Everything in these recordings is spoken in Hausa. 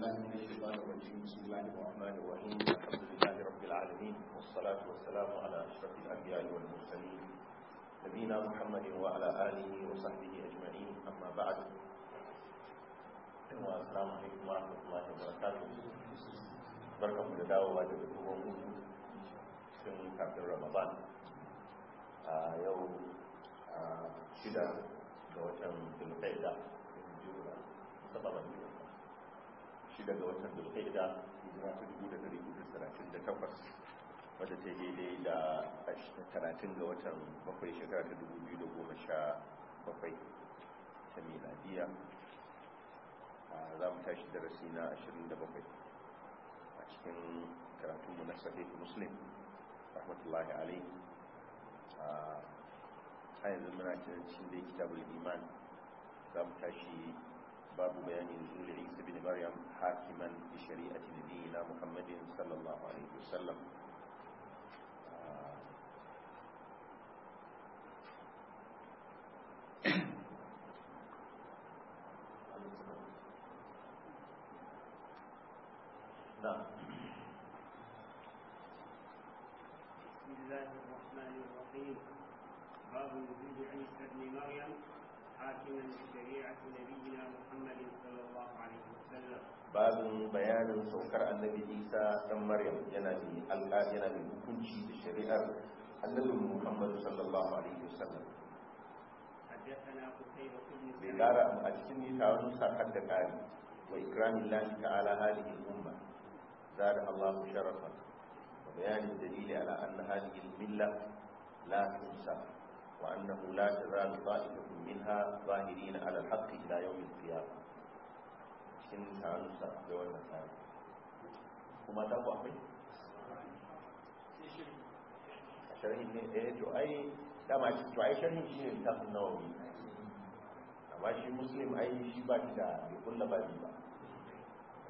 بالله من الشيطان الرجيم بسم الله الرحمن الرحيم الحمد لله رب العالمين والصلاة والسلام على أشرف الأنبياء والمرسلين نبينا محمد وعلى آله وصحبه أجمعين أما بعد السلام عليكم ورحمة الله وبركاته بركة من الدعوة لكم cikin kafin ramadan a yau shida ga watan zulkaida sababan biyu shi ga watan dulkaida hijira ta dubu da dari da takwas wadda ta yi daidai da 30 ga watan bakwai shekara ta dubu biyu da goma sha bakwai ta miladiya za mu tashi darasi na ashirin da bakwai a cikin karatunmu na sahih muslim rahmatullahi alaihi a yanzu muna cikin da kitabul iman za mu tashi باب بيان نزول عيسى بن مريم حاكما بشريعة نبينا محمد صلى الله عليه وسلم آه. نعم بسم الله الرحمن الرحيم باب نزول عيسى بن مريم حاكما bayanin saukar محمد صلى الله عليه وسلم باب بيان سكر النبي عيسى كم مريم ينادي الله ينادي كل شيء الشريعة النبي محمد صلى Bai gara a cikin nita rusa hadda kari wa ikramin lafi ta ala halin umma za da Allah mu sharafa da bayanin dalili ala an halin milla la tusa وأنه لا تزال طائفة منها ظاهرين على الحق إلى يوم القيامة إن tarusa da wannan وما kuma ta ku akwai? a sharhin ne to ai to ai sharhin shi ne ta sun nawa amma shi muslim ai shi ba shi da bai kulla ba ba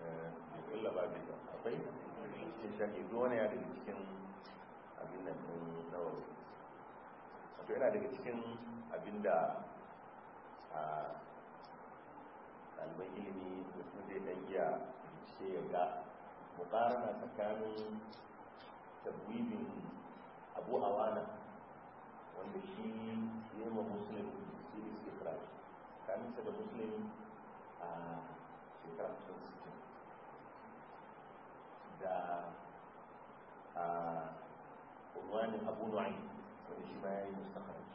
bai kulla ba ba akwai shi sharhi wani cikin abin nan wato yana daga cikin abinda a ɗaliban ilimi mutum zai ɗan iya ce ya ga mukarana tsakanin tabbibin abu awana wanda shi ne ma muslim series ifrat kaminsa da musulun a shekarar 1960 da a unwani abu nu'ayi اجماعي مستخرج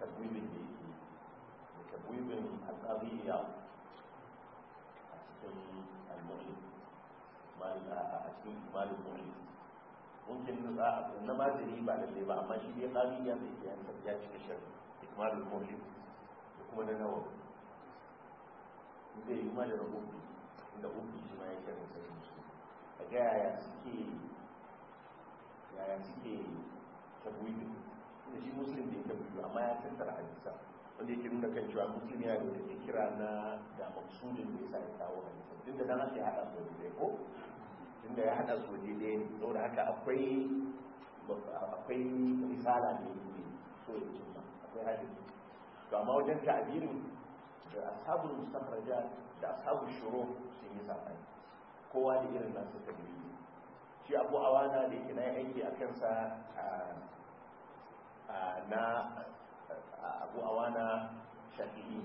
تبويب الدين لتبويب القضيه حسب المعيد حسب مال المعيد ممكن نبقى انما تجيب على اللي بقى ما شيء قضيه زي ان تبجاج في الشر اكمال المهلك يكون أنا نوع zai yi ma da rahobi inda obi shi ma ya kirin yaya suke tabwibi da shi muslim da ya tabwibi amma ya tattara hadisa wanda yake nuna kan cewa muslim ya yi da kira na da maksudin da ya sa ya kawo hadisa tun da nan ake haɗa su da ko tun da ya haɗa su da ne saboda haka akwai akwai misala ne ne so ya cimma akwai hadisi to amma wajen ta'abirin da ashabul mustakhraja da ashabul shuru sun yi sabani kowa da irin nasu tabbuyi shi abu wana da yake na aiki a kansa na abu wana shafi'i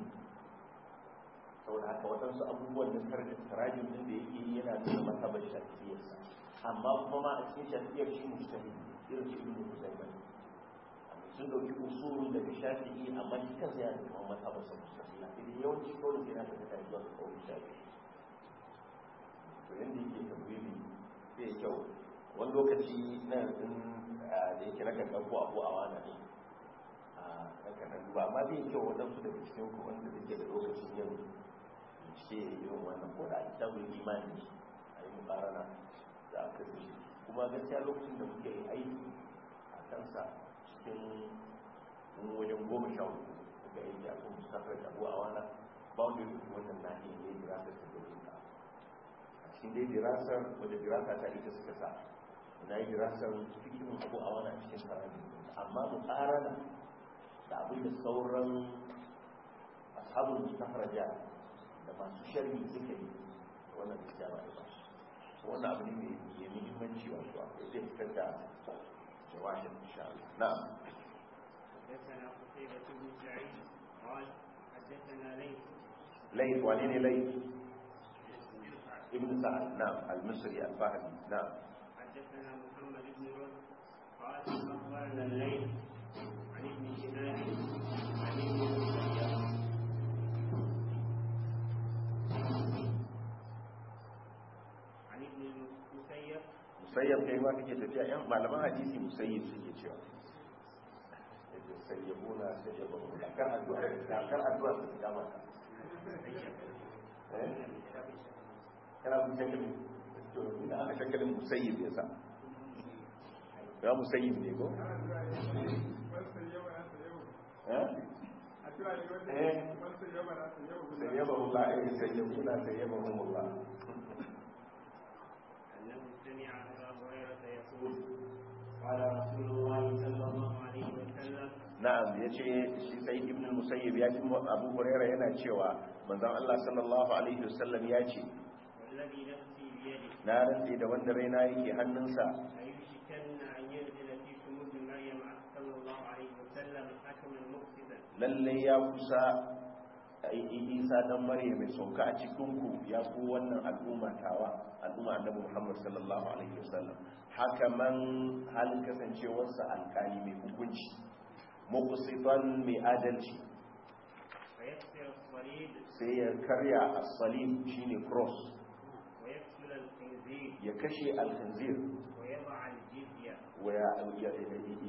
da haka waɗansu abubuwan da tarajin din da yake yana nuna matabar shafi'iyarsa amma kuma ma a cikin shafi'iyar shi mustahil irin shi zai musaimai sun dauki usulun daga shafi'i amma shi kansa yana da kamar matabar sa mustahil idan yawanci kawai sai na ta tafiya zuwa ga kawai shafi'i to yanda yake tabbili zai kyau wani lokaci na yanzu ah, da yake rakan ɗauko abu a wani ne a ah, rakan nan ba amma zai kyau waɗansu daga cikin ku wanda suke da lokacin yin bincike yin wannan ko da ita kitabun imani ne a yi mubarana da aka zai kuma gaskiya lokacin da muke aiki a kansa cikin wajen goma sha hudu da yake a kan musafar da abu a wani ba wanda ya fi wannan nahiyar ne da za ta tafi cikin dai dirasar wadda dirasa ta ita suka sa na yi dirasar cikin abu a wani cikin farabi amma mu karana da abin da sauran ta faraja, da masu sharri suka yi wannan gaskiya ba ba wannan abu ne mai muhimmanci su akwai zai fitar da jawahir shari'a na na'am حدثنا قتيبة ليث ليث ليث ابن سعد نعم المصري الفهمي نعم حدثنا محمد بن رد قال الليل عن ابن شمال عن ابن مسيب كيما كي تتيا يا معلمان حديثي مسيب سيجي تيا يسيبونا سيجي بابا كان أدوى كان أدوى سيجي بابا yana shakalin musayyib ya sa ya musayyib ne ko eh? sai eh, ibn musayyib ya ji abu hurairah yana cewa manzon Allah sallallahu alaihi wasallam ya ce na rantse da wanda raina yake hannunsa lallai ya kusa isa dan mariya mai sauka a cikinku ya ku wannan al'umma tawa al'umma annabi muhammad sallallahu alaihi wasallam haka man halin kasancewarsa alkali mai hukunci muqsitan mai adalci sai ya karya as-salim shine cross ya kashe alhanzir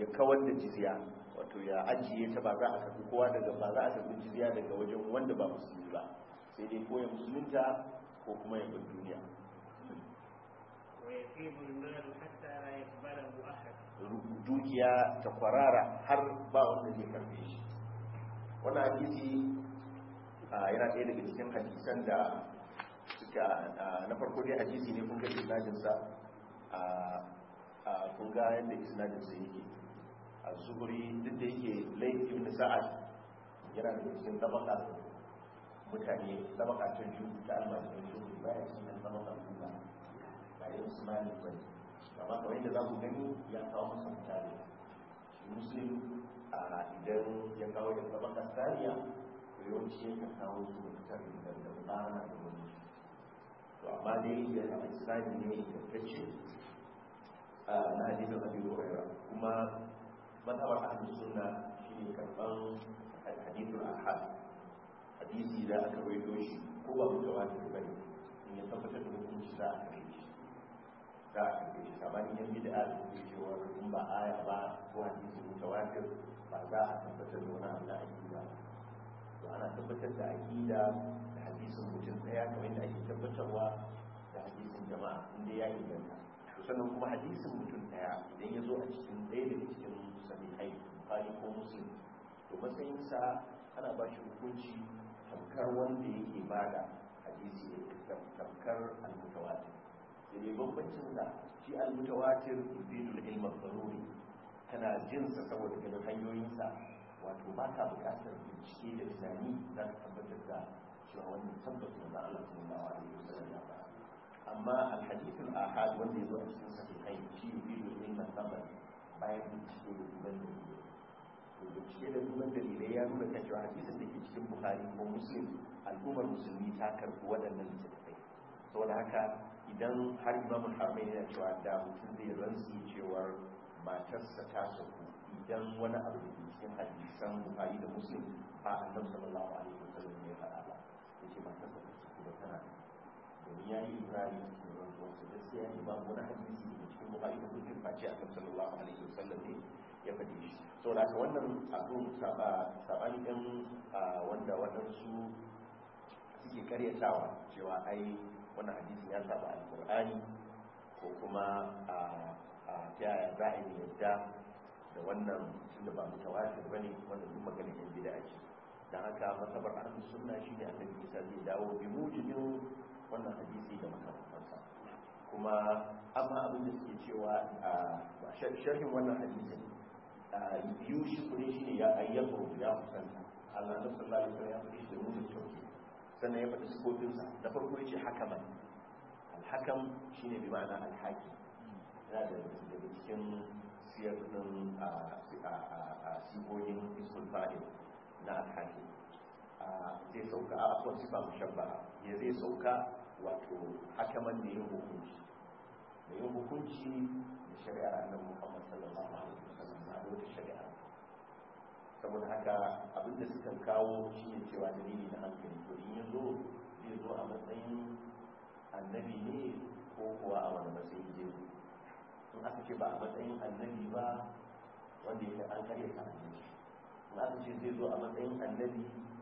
ya kawar da jizya wato ya ajiye ta ba za a karbi kowa daga ba za a karbi jizya daga wajen wanda ba musulmi ba sai dai ko ya musulunta ko kuma ya bar duniya dukiya ta kwarara har ba wanda zai karfe shi wani hadisi yana ɗaya daga cikin hadisan da Ah, ah, na farko dai hadisi ne kun ga sa a ah, kun ga yadda sa yake a zuhuri duk da yake laifi ibn sa'ad yana da cikin tabaka mutane tabaka ta biyu ta ba ya baya nan tabaka kuma ba yin ismail bai amma kamar yadda za ku gani ya kawo musu mutane shi a idan ya kawo da tabaka sariya yawanci ya kawo su mutane da ba na da wani to amma dai ya isnadi ne a na hadisin abi huraira kuma mazhabar suna sunna shine karban hadithul ahad hadisi da aka rawaito shi ko ba da zai in ya tabbatar da hukunci za a kare shi za a kare shi sabanin yan bid'a da ke cewa in ba aya ba ko hadisi mutawatir ba za a tabbatar da wani abu da aqida to ana tabbatar da aqida da hadisin mutum ya kamar yadda ake tabbatarwa da hadisin jama'a inda ya inganta to sannan kuma hadisin mutum ɗaya idan ya zo a cikin daya daga cikin sahihai bukhari ko muslim to matsayinsa ana ba shi hukunci tamkar wanda yake da hadisi ne tamkar almutawatir sai ne bambancin da shi almutawatir ibidul ilm al-daruri kana jinsa saboda ganin hanyoyinsa wato ba ka buƙatar bincike da tunani za ka tabbatar da cewa wannan tabbas da Allah sallallahu alaihi wasallam ba faɗa amma al-hadith al-ahad wanda yazo a cikin sahihai shi ne da ilmin tabbas bayan bincike da duban dalilai to bincike da duban dalilai ya nuna kan cewa hadisin da ke cikin bukhari ko muslim al'ummar musulmi ta karbi waɗannan littattafai saboda haka idan har imamul harmai yana cewa da mutum zai rantsi cewar matarsa ta sauku idan wani abu da ke cikin hadisan bukhari da muslim a annabi sallallahu alaihi wasallam ya faɗa ce da domin ya yi da cikin da a kan ne faɗi so da ka wannan abin saɓani ɗin wanda waɗansu suke karyatawa cewa ai wannan hadisin ya saba alƙur'ani ko kuma ta a yi yadda da wannan tunda ba ba ne wannan duk maganar yan gida ake da haka matsabar ahli sunna shi ne annabi isa zai dawo bi mujibin wannan hadisi da makamantansa kuma amma abin da suke cewa a sharhin wannan hadisin biyu shi kudin shi ne ya ayyaka ya kusanta Allah na sallallahu alaihi wasallam ya faɗi shi da mutum sauki sannan ya faɗi sifofinsa da farko ya ce hakaman alhakam shi ne bi ma'ana alhaki yana daga cikin siyar ɗin a sigogin isul fa'il na alhaji zai sauka a akwai sifa ba ya zai sauka wato hakaman da yin hukunci da yin hukunci da shari'ar annabi muhammad sallallahu alaihi wasallam na da wata shari'a saboda haka abin da suka kawo ne cewa nini na hankali to in yazo zai zo a matsayin annabi ne ko kuwa a wani matsayin zai zo in aka ce ba a matsayin annabi ba wanda yake an karya ta annabi in ce zai zo a matsayin annabi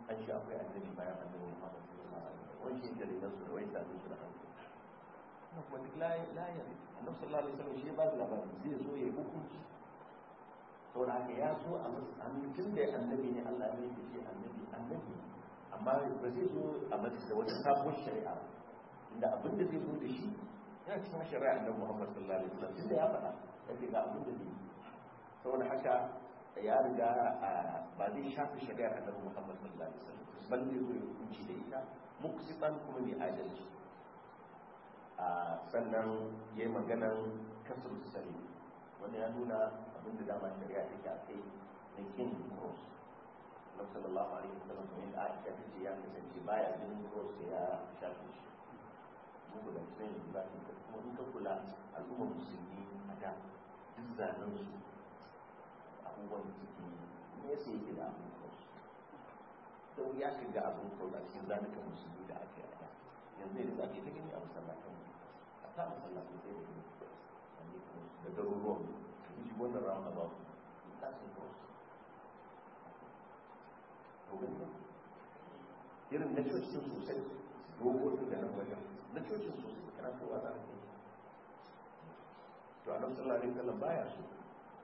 an ce akwai annabi bayan annabi muhammad sallallahu alaihi wasallam wani shi dalilan su da wai da su da hankali kuma kuma duk layan annabi sallallahu alaihi wasallam shi ba su labarin zai zo ya yi hukunci saboda haka ya zo a matsayin tun da annabi ne allah ne ya ce annabi annabi amma ba zai zo a matsayin da wata sabon shari'a inda abin da zai zo da shi yana cikin shari'a annabi muhammad sallallahu alaihi wasallam tun da ya faɗa yake da abin da zai yi saboda haka ya riga ba zai shafi shari'ar annabi Muhammad sallallahu alaihi wasallam ban da zo hukunci da ita muksiban kuma mai adalci a sannan yayi magana kasar sani wanda ya nuna abin da dama shari'a take a kai na kin cross na sallallahu alaihi wasallam kuma da Aisha ta ce ya kasance baya jin cross ya shafi shi muku da cikin ba kuma in ka kula al'umma musulmi a da duk zanen su wani ciki ne ya sai yake abin kawai da ya shiga abin kawai a cikin zanukan musulmi da aka yada yanzu ne da zafi ta a masallatan a ta masallatan sai da gani da garuruwan shi wannan ramu ba su ta sun kawai to gani irin na cocin sosai dokokin da nan wajen na cocin sosai kana kowa za a yi to a nan sallallahu alaihi baya so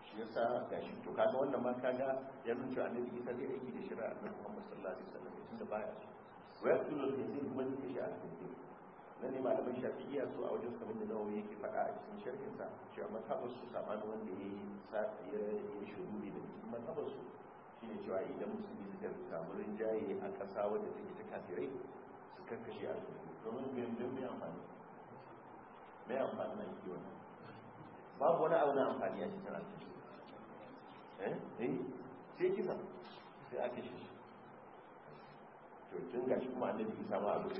shi yasa gashi to kaga wannan ma kaga ya nuna annabi isa zai aiki da shari'a na Muhammad sallallahu alaihi wasallam shi da baya su wa yaqulu al-insan man yasha al-insan nan ne malaman shafi'iyya su a wajen kamar da nawawi yake faɗa a cikin sharhin sa cewa mazhabar su sabani wanda yayi sa ya yi shururi da cikin mazhabar su shine cewa idan musulmi suka samu rinjaye a ƙasa wadda take ta kafirai su karkashe a su domin gandun mai amfani mai amfani na yi wani babu wani abu na amfani a cikin alfishi Eh? eh sai kisa sai ake shi to tun ga shi kuma annabi isa ma abu da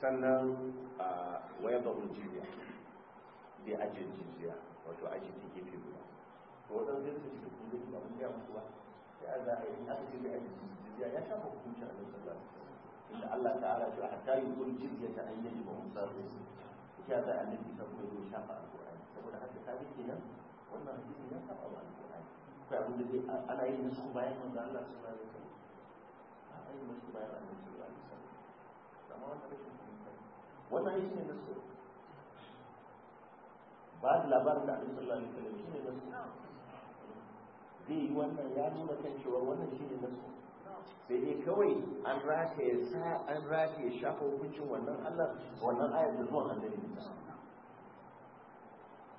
sannan a wayar da hujjiya bai ajiye jijiya wato ajiye ta gefe guda to waɗanda zai da kullum ba mun gaya musu ba ya za a yi aka ce bai ajiye jijiya ya shafa hukuncin annabi sallallahu da inda Allah ta'ala ya hatta yi kun jijiya ta an yaji ba musa zai su ya za a annabi isa kuma ya shafa alƙur'ani saboda haka ta bi kenan wannan hadisi ya saba ba akwai abin da zai ana bayan Allah su bayan kai bayan Allah su bayan kai wannan rashin fahimta wannan shi ne ba da labarin da abin sallallahu alaihi wasallam shi ne zai yi wannan ya nuna kan cewa wannan shi ne nasu sai dai kawai an rataye sa an rataye shafa hukuncin wannan Allah wannan ayat da zuwa annabi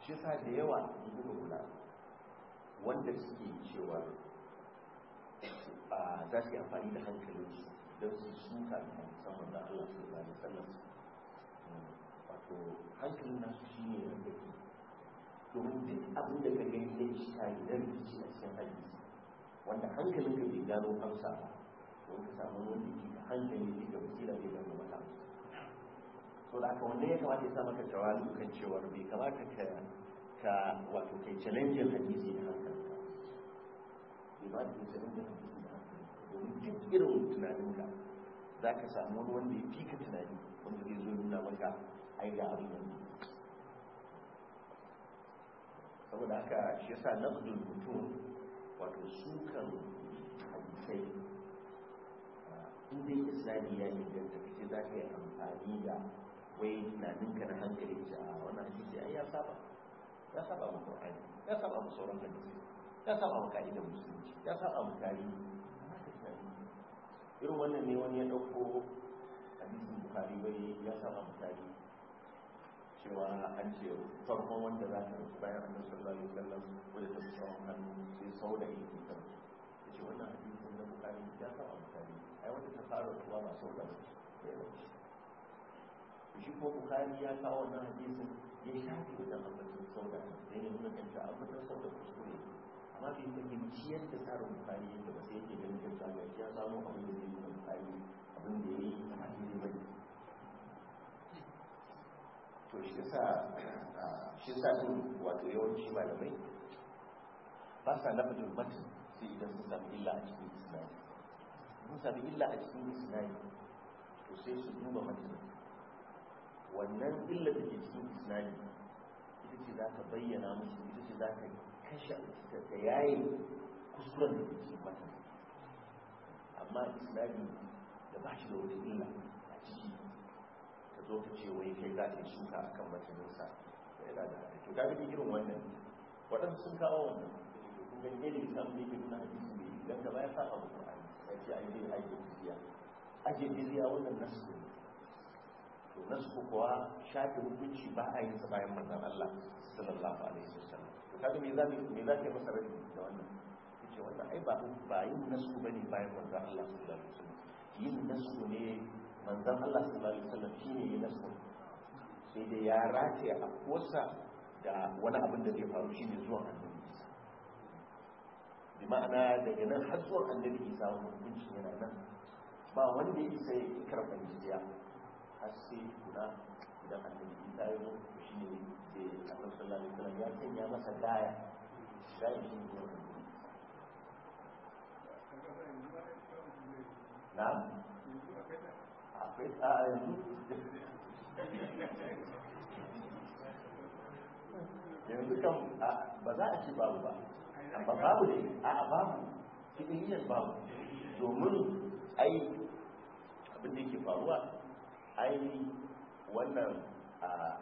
shi da yawa da kula wanda suke cewa ah, za su yi amfani da hankalinsu don su suka da musamman da Allah su da na sallar wato hankalin nasu shi ne wanda ke domin duk abin da ka gani ya ci ta yi don rikici a cikin hadisi wanda hankalin ka bai gano amsa ba don ka samu wanda ke da hankali ne ga wasila bai gano mata amsa so da aka wanda ya kamata ya sa maka jawabi kan cewar bai kamata ka ta wato kai challenge hadisi da ne ba da challenge hadisi da hankalinka domin duk irin tunaninka za ka samu wani wanda ya fi ka tunani wanda zai zo nuna maka ai ga abin nan saboda haka shi yasa naqdul mutum wato sukan hadisai ah, in dai islami ya inganta kace za ka yi amfani da wai tunaninka na hankali ta ah, wannan hadisi ai ya saba ya saba mu qur'ani ya saba mu sauran hadisi ya saba mu ka'idar musulunci ya saba mu tarihi irin wannan ne wani ya dauko hadisin bukhari bai ya saba mu tarihi cewa an ce farkon wanda za ta rufe bayan annabi sallallahu alaihi wasallam wanda ta tsawon hannu sai sau da yin ta ce wannan hadisin na bukhari ya saba mu tarihi ai wanda ta fara ruwa ba sau da shi ko Bukhari ya kawo wannan hadisin ya shafi da ambata sauda don yanzu nan a fitar sauda kuskure amma bai fahimci yadda tsarin bukari yadda ba sai yake ganin kanta ga ya samu abin da zai yi bukari abin da ya yi a matiri ba to shi sa shi sa din wato yawanci malamai ba sa na lafazin batun sai idan sun sami illa a cikin isnadi sun sami illa a cikin isnadi to sai su duba matun wannan illa da ke cikin isnadi ce za ka bayyana musu ita ce za ka kashe ta yayi kusuran da ke mata amma islami da ba shi da wani illa a ciki ka zo ka ce wai kai za ka yi shuka a kan matanarsa da yana da kyau to galibi irin wannan waɗansu sun kawo wannan kun gani ne da samun yake nuna hadisi mai idan ka ya sa abu ko an ya ce an yi ajiye biziya ajiye biziya wannan nasu ne to nan su kuwa shafi hukunci ba a yin sa bayan manzon Allah sallallahu alaihi wasallam to kaga me za me za ka masa rabi da wannan yace wannan ai ba ba yin nasu bane bayan manzon Allah sallallahu alaihi wasallam yin nasu ne manzon Allah sallallahu alaihi wasallam shine yin nasu sai dai ya race a kosa da wani abin da zai faru shine zuwa annabi Isa bi ma'ana daga nan har zuwa annabi Isa hukunci yana nan ba wanda ya isa ya karɓa jiya har sai kula idan annabi isa ya zo shi ne sai annabi sallallahu alaihi wasallam ya masa shi ne na akwai tsara yanzu yanzu kan ba za a ce babu ba amma babu ne a babu cikin yin babu domin ai abin da yake faruwa ai wannan a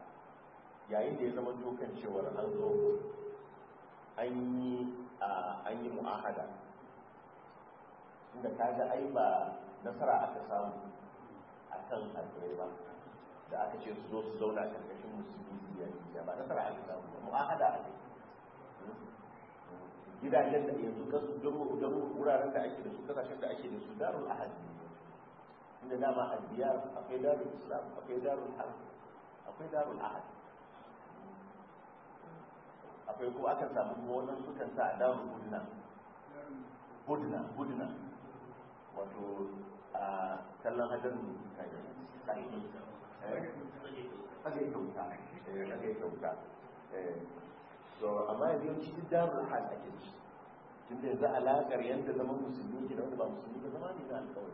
yayin da ya zama dokan cewar an zo an yi mu'ahada inda kaga ai ba nasara aka samu a kan alkai ba da aka ce su zo su zauna karkashin musulmi da ba nasara aka samu ba mu'ahada kai gidajen da yanzu kasu don wuraren da ake da su kasashen da ake da su darul ahadi inda dama a biyar akwai darul islam akwai darul har akwai darul ahad akwai ko aka samu wannan sukan sa darul budna budna budna wato a kallon hajar mu kai sai kai eh, kyauta eh, kai kyauta eh. so amma yanzu cikin darul haq ake ci tunda yanzu alaƙar yadda zaman musulmi ke da wanda ba musulmi ba zama ne na alƙawari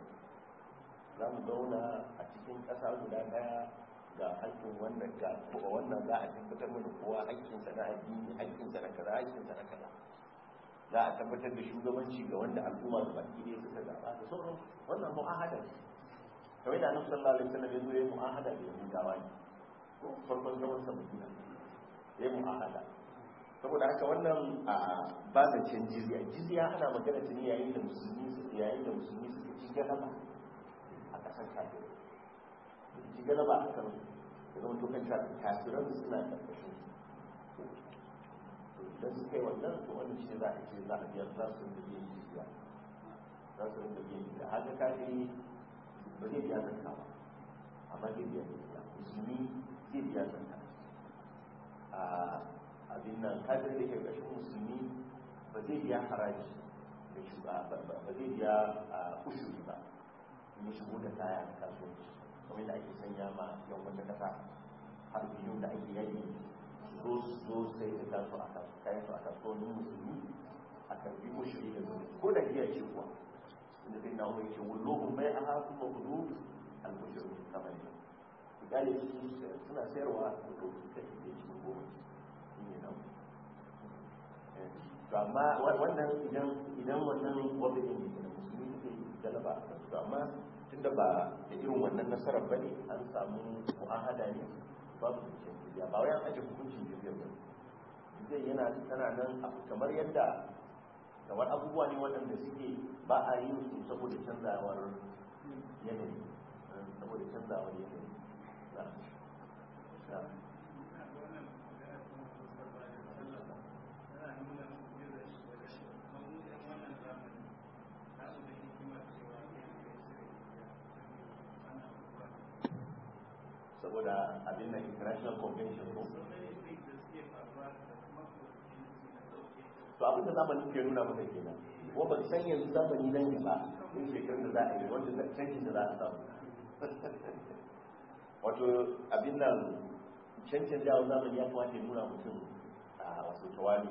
za mu zauna a cikin ƙasa guda ɗaya ga haƙƙin wannan ga kuma wannan za a tabbatar mana kowa haƙƙinsa na addini haƙƙinsa na kaza haƙƙinsa na kaza za a tabbatar da shugabanci ga wanda al'umma da baki ne suka zaɓa da sauran wannan mu'ahada ne kamar da annabi sallallahu alaihi wasallam ya zo ya mu'ahada da yahudawa ne farkon zaman sa madina ya mu'ahada saboda haka wannan ba zancen jizya jizya ana magana ta ne yayin da musulmi yayin da musulmi suke cikin gaba kasar kafirai ji galaba a kan da zama tokan kafiran suna karkashin su idan su kai wannan to wannan shi za a ce za a biyar za su rinda biyan jiziya za su rinda biyan jiziya haka kafiri ba zai biya zanka ba amma zai biya jiziya musulmi zai biya zanka abin nan kafin da ke ƙarshen musulmi ba zai biya haraji ba zai biya ushuri ba ya shigo da kaya a kasuwanci kamar yadda ake sanya ma yau wata kasa har biyu da ake yayi so so sai da kansu a kasuwa kayan su a kasuwannin musulmi a karbi mushri da zuwa ko da giya ce kuwa inda sai na wani ce wullohun mai a haku ma hudu albushin mushri kamar yadda gane su suna sayarwa da dokin ta da cikin goma shi ne nan eh, to amma wannan idan wannan wadda ne da musulmi suke galaba a to amma tunda ba da irin wannan nasarar ba ne an samu mu'ahada ne babu cikin jizya ba wayan an hukuncin jizya ba jizya yana tana nan kamar yadda kamar abubuwa ne waɗanda suke ba a yi su saboda canzawar yanayi saboda canzawar yanayi abin na international convention ko to abin da zamani ke nuna maka kenan ko ba san yanzu zamani nan ba in shekarun da za a yi wanda canjin da za a samu wato abin nan canjin da zamani ya kamata ya nuna mutum a wasu tawali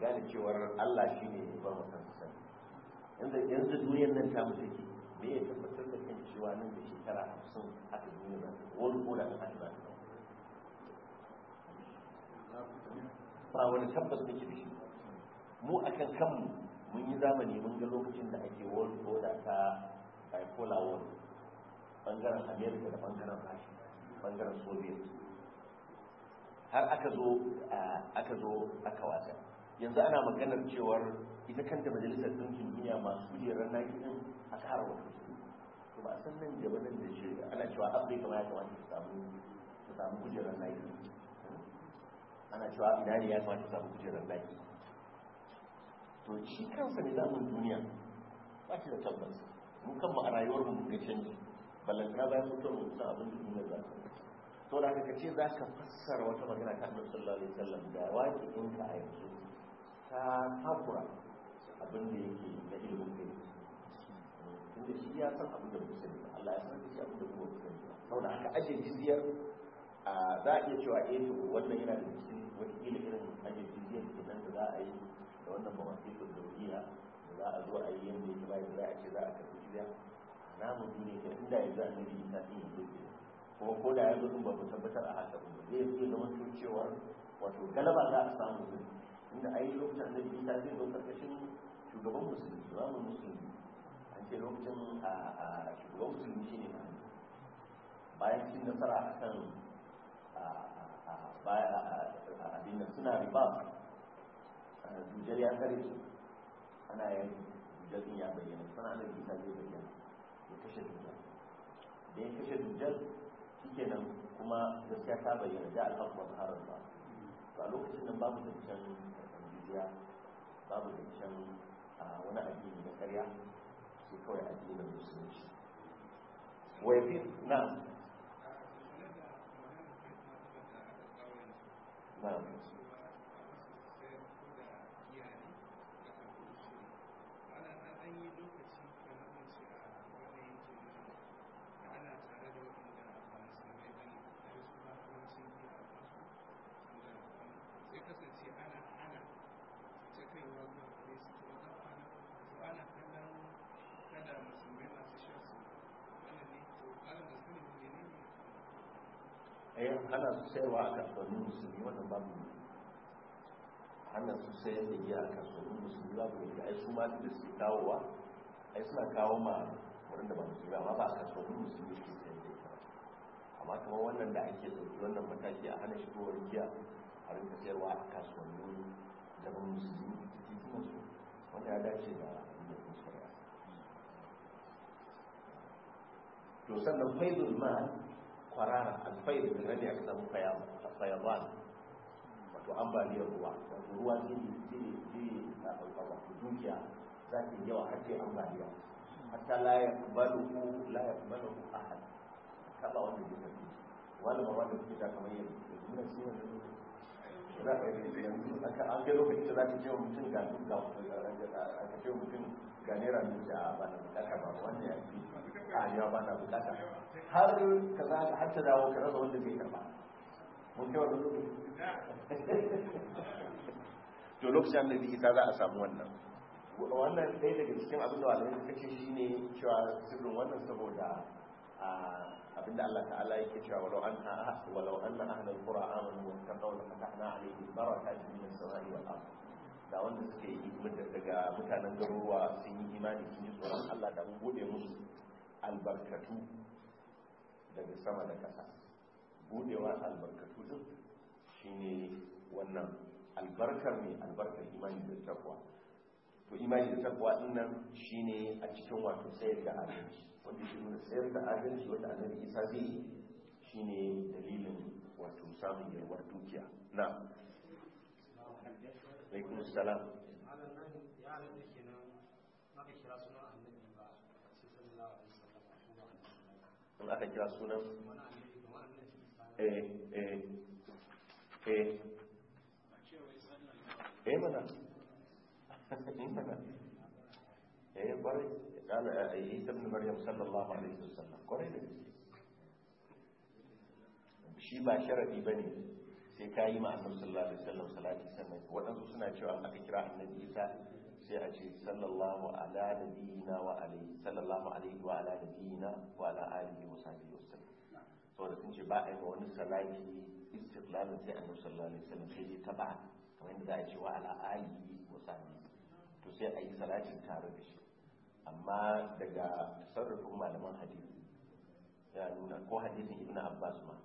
gane cewar Allah shi ne ya bar sani yanzu duniyar nan ta mutu take me ya tabbata cewa nan da shekara hamsin aka duniya ba wani koda da aka ba ba wani tabbas da ke da shi mu a kan kanmu mun yi zamani mun ga lokacin da ake world border ta bipolar war bangaren america da bangaren rashi bangaren soviet har aka zo aka zo aka wasa yanzu ana maganar cewar ita kanta majalisar ɗinkin duniya masu kujerar naki ɗin a ƙara wata ba a san nan gaba nan da shi ana cewa afirka ma ya kamata ta samu ta samu kujerar naki ana cewa ina ne ya kamata ta samu kujerar naki to shi kansa ne zamun duniya ba shi da tabbas mu kan a rayuwar mu ne canji ballantana bayan mutuwar mu san abin da duniya za ta to da ka ce za ka fassara wata magana ta annabi sallallahu alaihi wasallam da waƙi in ka a yanzu ta takura abin da yake na ilimin kai da shi ya san abin da muka sani Allah ya san da shi abin da muka sani ba saboda haka ajiye jiziyar za a iya cewa eh to wannan yana da cikin wani irin ajiye jiziyar kenan da za a yi da wannan mawaƙin dauriya da za a zo a yi yadda ya bayan za a ce za a karɓi jiziya namu duniya ke inda ya za a yi isa ɗin ya zo kuma ko da ya zo ɗin ba mu tabbatar a haka ba zai zo da to cewar wato galaba za a samu ɗin inda a yi lokacin da isa zai zo ƙarƙashin shugaban musulmi shugaban musulmi ce lokacin a shugaban musulmi shi ne bayan cin nasara a kan abin da suna riba dujjal ya kare su ana yin dujjalin ya bayyana suna ana bisa zai bayyana ya kashe dujjal da ya kashe dujjal shi kenan kuma gaskiya ta bayyana da alhaku ba harar ba to a lokacin nan babu zancen jijiya babu zancen wani addini na karya ce kawai addinin musulunci wai fi na na sayan ana su sayarwa a kasuwannin musulmi wannan babu ne ana su sayar da giya a kasuwannin musulmi babu ne ai su ma da su kawowa ai suna kawo ma wurin da ba musulmi amma ba a kasuwannin musulmi ke sayar da ita amma kamar wannan da ake ɗauki wannan mataki a hana shigowar giya a rinka sayarwa a kasuwannin zaman musulmi a cikin su wanda ya dace da inda kun shari'a to sannan faidul mal farara alfayr da rani fayaban wato ambaliyar ruwa wato ruwa na alfawa dukiya za ta yawa har ambaliya hatta la balu a kaba wanda ke tafi wani ba wanda suke ta kamar yin da ne za ka yi yanzu an za ce wa mutum ga duk ga ce wa mutum ga naira da bukata ba ya fi a yawa ba bukata har ka za ka har ta dawo ka rasa wanda zai karba mun kai wannan to lokacin annabi isa za a samu wannan wannan ɗaya daga cikin abin da wani suka ce ne cewa sirrin wannan saboda abin da Allah ta'ala yake cewa walau anha ah, walau anna ahlul qura amanu wa taqaw la fatahna alaihim barakatin minas samai wal ard da wanda suke yi daga mutanen garuruwa sun yi imani sun yi tsoron Allah da mun bude musu albarkatu daga sama da ƙasa budewa albarkatu shi shine wannan albarkar ne albarkar imani da takwa to imani da takwa din nan shine a cikin wato sayar da adalci wanda shi nuna sayar da adalci wanda annabi Isa zai yi shine dalilin wato samun yalwar dukiya na alaikum salam wanda aka kira sunan eh eh eh eh mana eh mana eh kwarai kana eh, eh, a yi ta bin maryam sallallahu alaihi wasallam kwarai da shi ba sharadi ba ne sai ka yi ma annabi sallallahu alaihi wasallam salati sannan waɗansu suna cewa aka kira annabi isa sai a ce sallallahu ala nabiyina wa alayhi sallallahu alaihi wa ala nabiyina wa ala alihi wa sahbihi wa sallam saboda sun ce ba a yi wa wani salati istiqlalin sai annabi sallallahu alaihi wasallam sai dai taba kamar yadda za a ce wa ala alihi wa sahbihi to sai a yi salatin tare da shi amma daga sarrafin malaman hadisi ya nuna ko hadisin Ibn abbas ma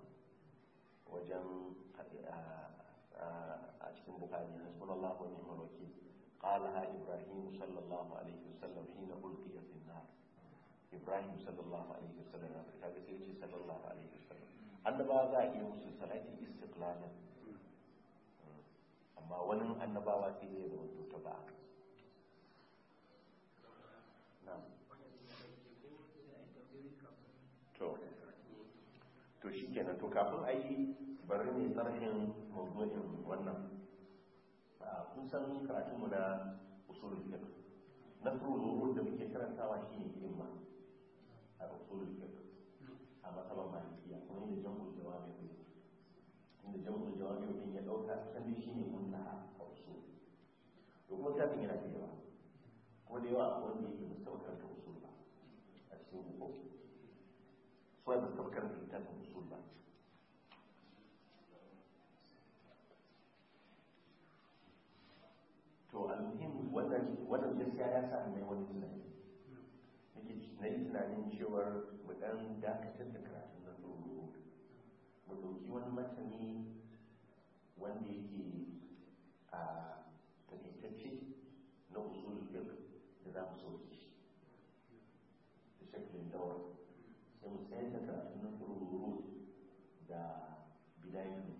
wajen ah, ah, a cikin bukari hasbunallahu wa ni'mal wakil قالها إبراهيم صلى الله عليه وسلم حين ألقي في النار إبراهيم صلى الله عليه وسلم هذا صلى الله عليه وسلم annabawa za a iya musu salati istiqlalan amma wani annabawa sai ya zama to ba to to shikenan to kafin ayi bari ne sarhin mawdu'in wannan kun san karatun mu na usulul fiqh na furu da muke karantawa shine ne imma a usulul fiqh a matsalar malikiya kuma inda jamu jawabi ne inda jamu jawabi ne ya dauka can dai shine kunna a usul to kuma ta yana da yawa ko da yawa wanda yake musaukar da usul ba a cikin hukum so ya tabbatar da ita ya sa na wani tunani na yi tunanin cewar mu ɗan dakatar da karatu na tsoro mu ɗauki wani matani wanda yake a takaitacce na usul fiqh da za mu sauke shi da dawar sai mu sayar da karatun na tsoro da bidayen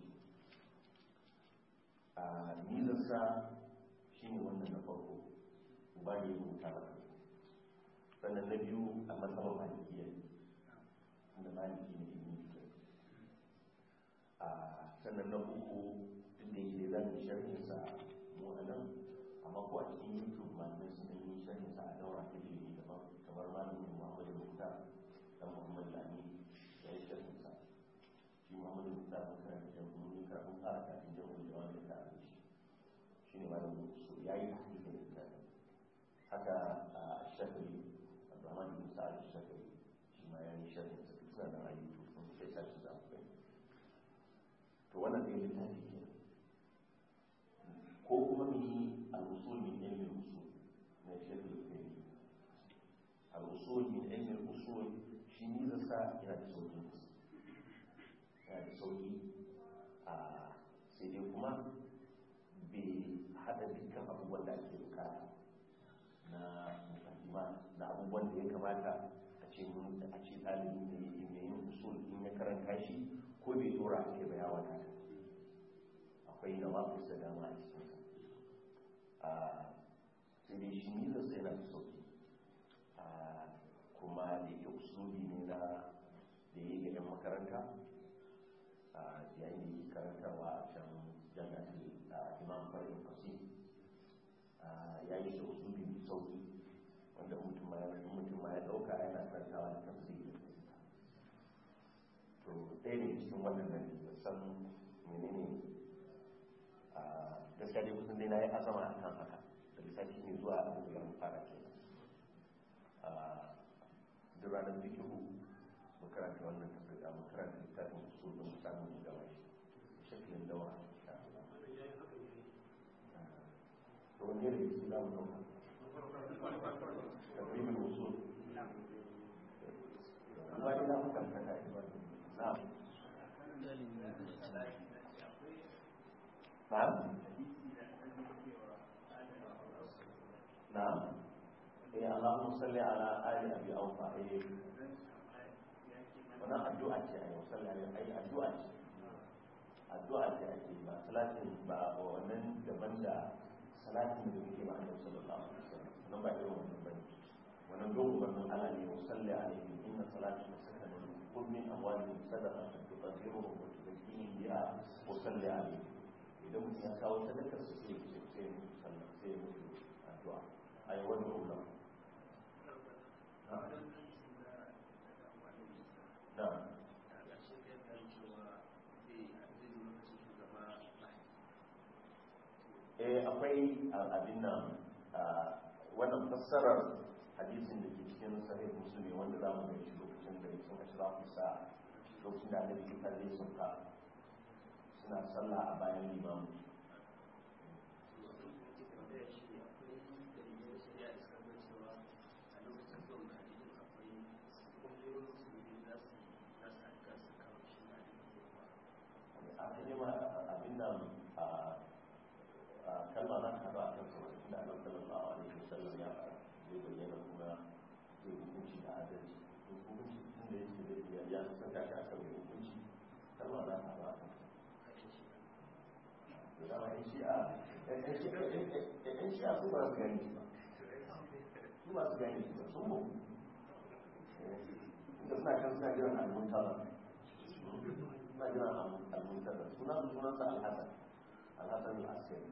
a nizarsa shi ne wannan na farko uba ne ya rubuta maka sannan na biyu a matsayin malikiya da maliki ne ilmi a sannan na uku duk da yake za mu sharhinsa mu a nan amma ko a cikin youtube malamai sun yi sharhinsa a daura ta ilimi kamar malamin muhammadu muktar dan muhammad lami ya yi sharhinsa shi muhammadu muktar makarar da ya kuma karfin fara imam su ya yi da haka a shafi abdurrahman bin salli ala eh. wannan addu'a ce ai addu'a ce addu'a ce ake ba salatin ba wannan daban da salatin da muke ba annabi sallallahu alaihi wasallam nan ba irin wannan bane wannan dogon wannan ala ne wa salli alaihi inna salati wa sallamu qul min amwalihim ta tutahhiruhum wa tuzakkihim biha wa salli alaihi idan mutum ya kawo sadakar su sai ya ce sai ya sai addu'a ai wannan ulama eh akwai abin nan wannan fassarar hadisin da ke cikin sahih musulmi wanda za mu gani lokacin da sun kashi za ku sa lokacin da annabi ya kalle sun ka suna sallah a bayan limamu shi a su ba su gane su ba su gane ba mu da suna kan suna jiran almuntara suna jiran almuntara suna sunansa alhassan alhassan al'asiri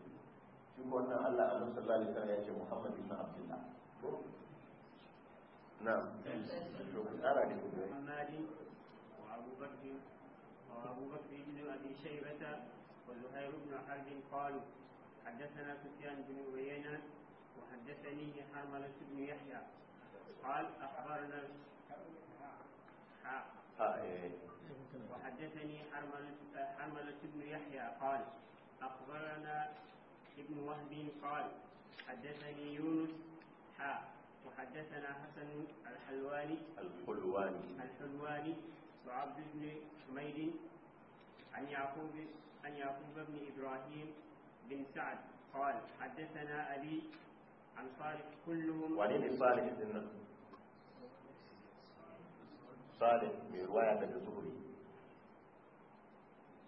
shi ko wannan allah a nan sallallahu ya ce muhammad ibn abdullah na to حدثنا سفيان بن عيينة وحدثني حرملة بن يحيى قال أخبرنا حاء آه، إيه، إيه. وحدثني حرملة حرملة بن يحيى قال أخبرنا ابن وهب قال حدثني يونس حاء وحدثنا حسن الحلواني الحلواني الحلواني وعبد بن حميد عن يعقوب عن يعقوب بن إبراهيم بن سعد قال حدثنا أبي عن صالح كلهم وليد صالح بن صالح من رواية الزهري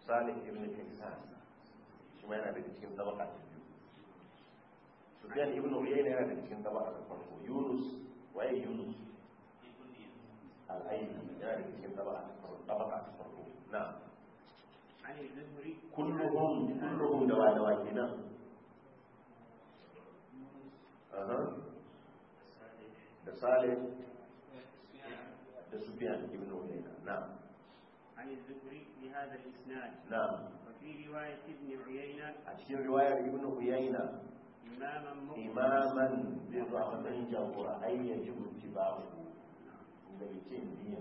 صالح بن الحسان شو أنا بديتكم طبقة سفيان ابن عيينة أنا بديتكم طبقة الفرحو يونس وأي يونس الأيدي أنا بديتكم طبقة الفرحو نعم عن الزهري كلهم كلهم دواء دواء كده اها ده صالح ده سفيان بن عيينة نعم عن الزهري بهذا الاسناد نعم وفي رواية ابن عيينة في رواية ابن عيينة إماما إماما برحمن جبر أي يجب اتباعه من نعم. الجن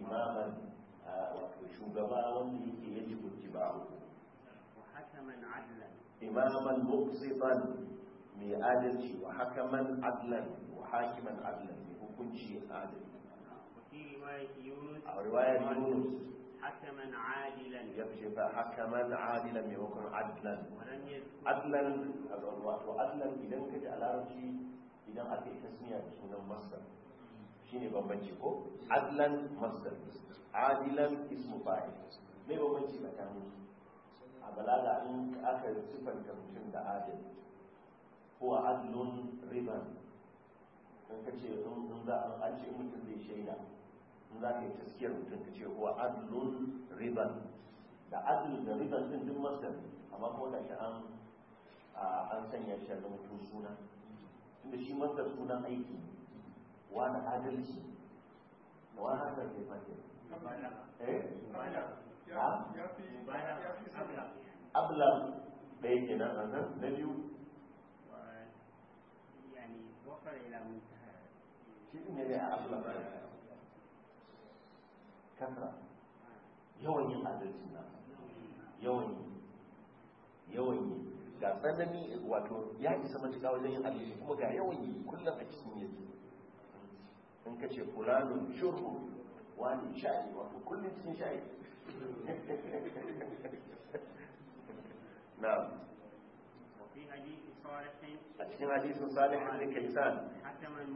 إماما shugaba wanda yake yaji kunci ba hu imaman muqsitan mai adalci wa hakaman adlan wa hakiman adlan mai hukunci adalci a riwayar yunus حكما عادلا يجب حكما عادلا يكون عدلا عدلا وعدلا idan ka ji alarci idan aka yi tasmiya da sunan masdar shine bambanci ko adlan masar. adilan ismu fa'il mai bambanci tsakanin a balaga in aka sifanta mutum da adil ko adlun riban in ka ce in za a an ce mutum zai shaida in za ka yi taskiyar mutum ka ce ko adlun riban da adil da riban din duk masar amma ko da shi an an sanya shi da mutum suna tunda shi masar sunan aiki wani adalci da wani harkar zai fahimta ablam ɗaya ke nan sannan na biyu shi ne a ablam yawan yin adalci na yawan yawan ga tsanani wato ya isa matuƙa wajen yin adalci kuma ga yawan kullum a cikin yanzu in ka ce fulanun shurhu wani sha'i wato kullum sun sha'i na'am a cikin hadisin salih ibn kaysan hakaman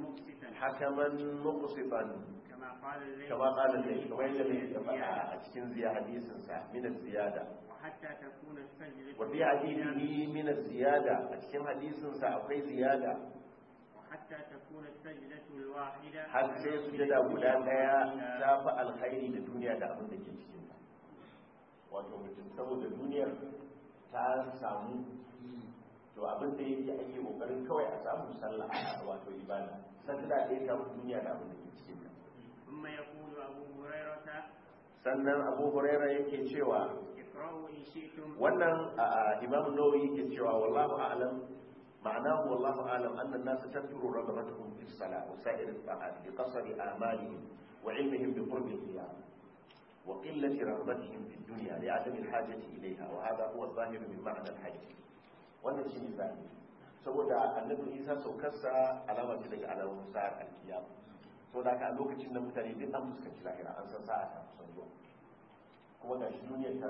muqsitan kama qala al-layth kamar yadda ne faɗa a cikin ziya hadisin sa min ziyada wa fi hadisihi min ziyada a cikin hadisin akwai ziyada har sai su jada guda daya ta fi alkhairi da duniya da abin da ke cikin ta wato mutum saboda duniyar ta samu to abin da yake ake kokarin kawai a samu sallah wato ibada san da ya samu duniya da abin da ke cikin ta ya abu sannan abu huraira yake cewa wannan imam nawawi yake cewa wallahu a'lam معناه والله أعلم أن الناس تكثر رغبتهم في الصلاة وسائر الطاعات لقصر آمالهم وعلمهم بقرب القيامة وقلة رغبتهم في الدنيا لعدم الحاجة إليها وهذا هو الظاهر من معنى الحج wannan shi ne zahiri saboda annabi isa saukarsa alama ce daga alamun sa'ar alkiyama saboda haka a lokacin da mutane duk an fuskanci lahira an san sa'a ta kusan zuwa kuma ga shi duniyar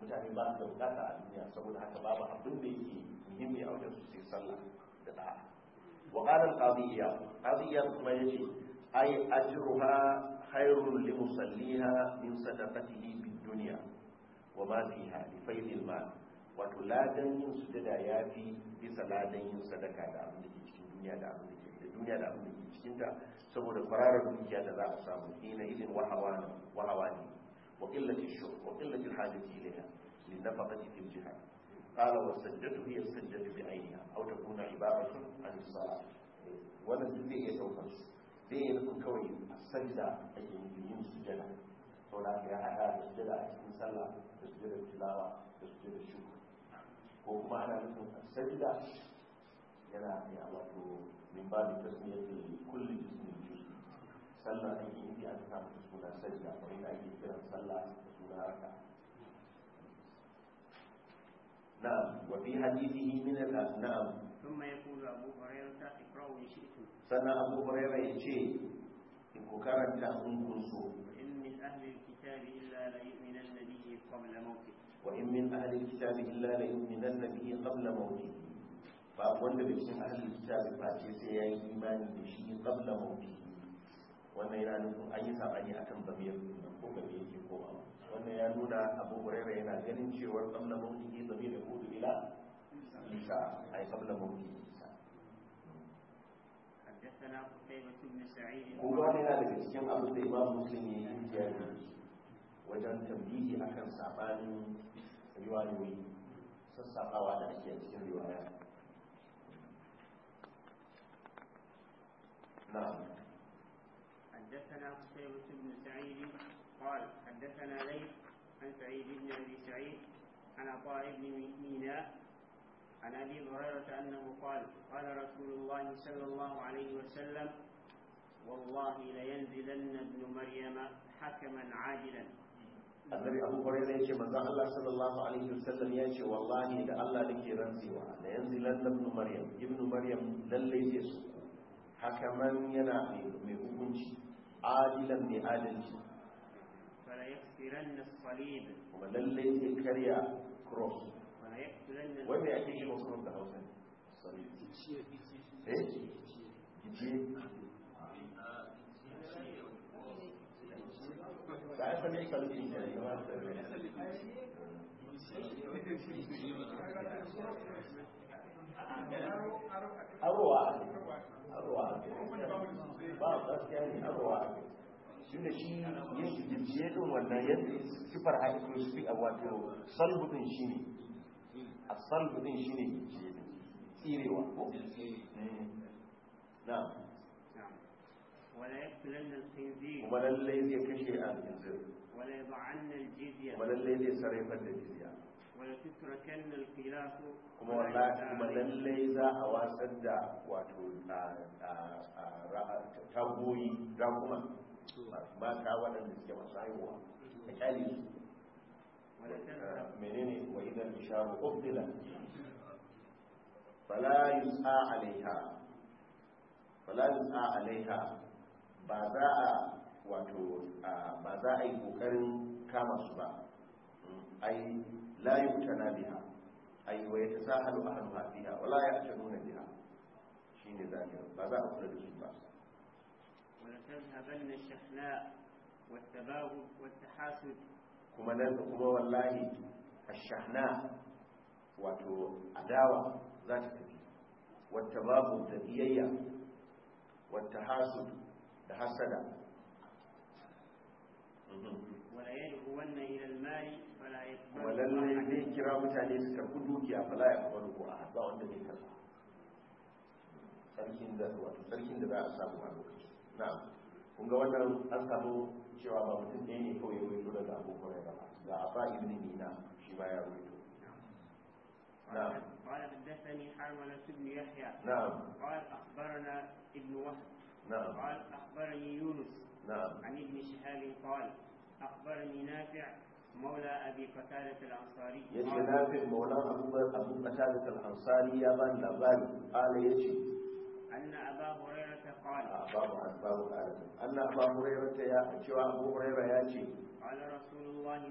mutane ba su da bukata a duniya saboda haka babu abin da yake muhimmi a wajen su sai sallah da da'a wa qala al-qadiyya qadiyya kuma yace ay ajruha khairul li musalliha min sadaqatihi bid dunya wa ma fiha li faydil mal wato ladan yin sujada yafi bisa ladan yin sadaka da abin da ke cikin duniya da abin da ke da duniya da abin da ke cikin ta saboda kwararar dukiya da za a samu hina idin wahawa ne wa qillati shukr wa qillati al-hajati ilayha li nafaqati fil jihad قال والسجدة هي السجدة بعينها أو تكون عبارة عن الصلاة wannan duk zai iya saukar su zai kawai a sanda ake yin sujada sau da ya haɗa da sujada a cikin sallah da sujada tilawa da sujada shuka ko kuma ana nufin a sajda yana ya wato min ba da tasmiyar da kullum jismin jusu sallah ake yi a ta samu suna sanda, kamar yadda ake kiran sallah da suna raka نعم وفي حديثه من الأ... نعم ثم يقول أبو هريرة اقرأوا إن شئتم سنة أبو هريرة يشي وكانت لهم كنسو وإن من أهل الكتاب إلا ليؤمنن به قبل موته وإن من أهل الكتاب إلا ليؤمنن به قبل موته فأقول لك أهل الكتاب فاتي سيئي إيمان بشيء قبل موته wannan yana أن يسعى أن يأتم a من bamiyar ko bamiyar ke koma wannan nuna abu huraira yana ganin cewar kamla mawdihi zamir ya kudu ila lisa ai kamla mawdihi lisa حدثنا قتيبة بن سعيد وقال هذا الكتاب أبو الإمام مسلم يجاري wajen tambihi akan sabanin riwayoyi sassaƙawa da ake cikin riwaya نعم حدثنا قتيبة بن سعيد قال حدثنا ليث عن سعيد بن أبي سعيد عن عطاء بن ميناء عن أبي هريرة أنه قال قال رسول الله صلى الله عليه وسلم والله لينزلن ابن مريم حكما عادلا النبي أبو هريرة يشي الله صلى الله عليه وسلم يشي والله إذا الله لك رنزي لينزلن ابن مريم ابن مريم لليزيس حكما ينعلي من أبنش عاجلا من فلا يكسرن الصليب kuma lallai sai karya cross wala yaktulanna wanda yake shi wasu da Hausa salib ciye eh ciye da ya sami salibin da ya ba أروع أروع أروع أروع tunda shi ya ɗin wannan yadda kifar haifin su fi a wato salbudin shi ne a salbudin shi ne tsirewa ko eh. na walallai zai kashe a yanzu. jinzir walallai zai sarrafar da jizya kuma lallai za a wasar da wato ta tagoyi kuma. mata waɗanda suke masu haihuwa a kyali su menene wa idan isharu ubdila fala yus'a alaiha alaiha ba za a wato ba za a yi kokarin kama su ba ai la yutana biha ai wa wala ba za a kula da su ba ولتذهبن الشحناء والتباغض والتحاسد kuma nan kuma wallahi wato adawa za ta tafi wata babu da wata da hasada kira mutane su ya a wanda sarkin da sarkin da za a samu a kun ga wannan an samu cewa ba mutum ɗaya ne kawai ya wuto daga abubuwan ya ba ga afa ibn nina shi ma ya wuto نعم قال حدثني حرملة بن يحيى نعم قال أخبرنا ابن وهب نعم قال أخبرني يونس نعم عن ابن شهاب قال أخبرني نافع مولى أبي قتادة الأنصاري يجي نافع مولى أبو قتادة الأنصاري يا بان لبان قال يجي أن أبا هريرة babu asbabu alamin Allah ba hurairata ya cewa Abu ya ce idan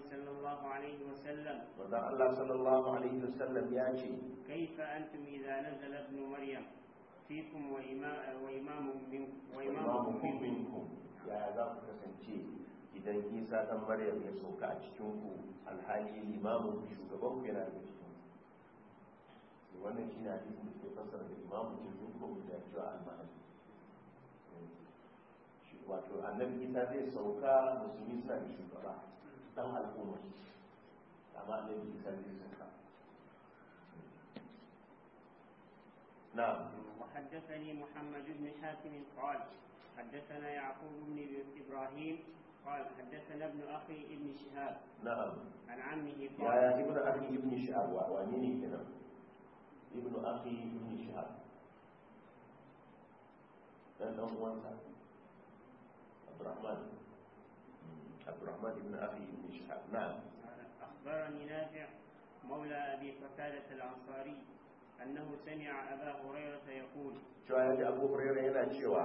isa ɗan maryam ya sauka a cikin ku alhali limamin shugaban ku yana da cikin ku wannan shi na hadisi da ke fassara da imamu jirgin ko da cewa almahadi wato annabi isa zai sauka musulmi suna da shugaba dan al'umma amma annabi isa zai sauka نعم وحدثني محمد بن حاتم قال حدثنا يعقوب بن ابراهيم قال حدثنا ابن اخي ابن شهاب نعم عن عمه قال يا ابن اخي ابن شهاب واميني كده ابن اخي ابن شهاب لأنه هو Abdurrahman hmm, Abdurrahman ibn Abi ibn Ishaq Nah Akhbarani Nafi' Mawla Abi Fakadat al-Ansari Annahu sami'a Aba Hurairah Yaqul Cua ada Abu Hurairah yang nak cua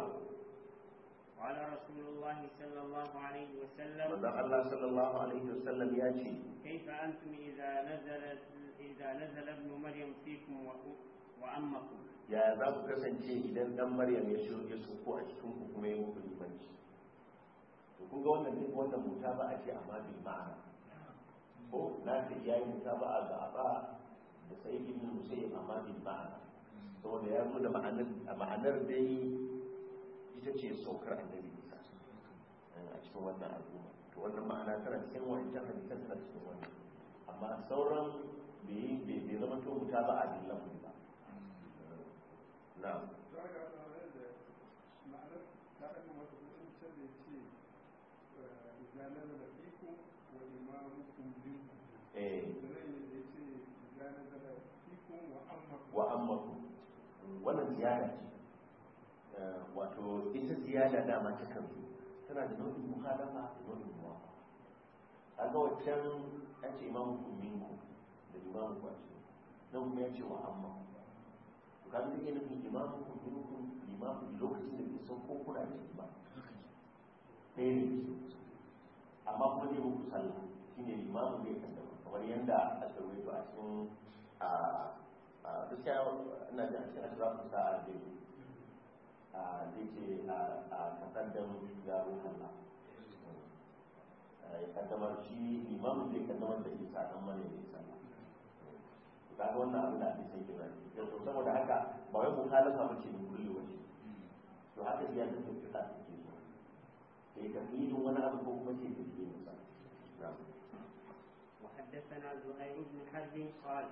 Wa'ala Rasulullah Sallallahu Alaihi Wasallam Maka Allah Sallallahu Alaihi Wasallam Yaji Kaifa antum iza nazalat Iza nazal ibn Maryam Fikum wa ammakum Ya za ku kasance idan ɗan Maryam ya shirya su ko a cikin hukumai hukumai hukumai to kun ga wannan duk wannan muta ba a ce amma ma'ana ko na ce yi muta ba a ga aba da sai ibn yi amma mafi ma'ana saboda ya zo da ma'anar ma'anar dai ita ce saukar annabi Isa eh, a cikin wannan al'umma to wannan ma'ana tana cikin ta hadisan tana cikin wani amma sauran bai bai zama to muta ba a bil mu ba na'am wa eh. ammaku wannan ziyara ce eh, wato ita ziyara dama ta kan tana da nau'in muhalafa da nau'in muwafa a ga wancan ya ce imamu kuminku da imamu kwace nan kuma ya ce wa ammaku kan zai yana fi imamu kuminku imamu lokacin da bai san kuna ba ɗaya ne ke amma kuma zai muku sallah shine limamin zai kaddama kamar yadda aka rubuta a cikin a gaskiya ina da cikin asirafu sa da zai ce a kaddam ya ruhalla ya eh, kaddamar shi limamin zai kaddamar da ke dan mana ne sallah ga wannan abin da ake sai kira to saboda haka ba wai mukhalafa bace ne kullu waje to haka ya tafi sai tafidin wani abu ko kuma sai tafidin sa وحدثنا زهير بن حرب قال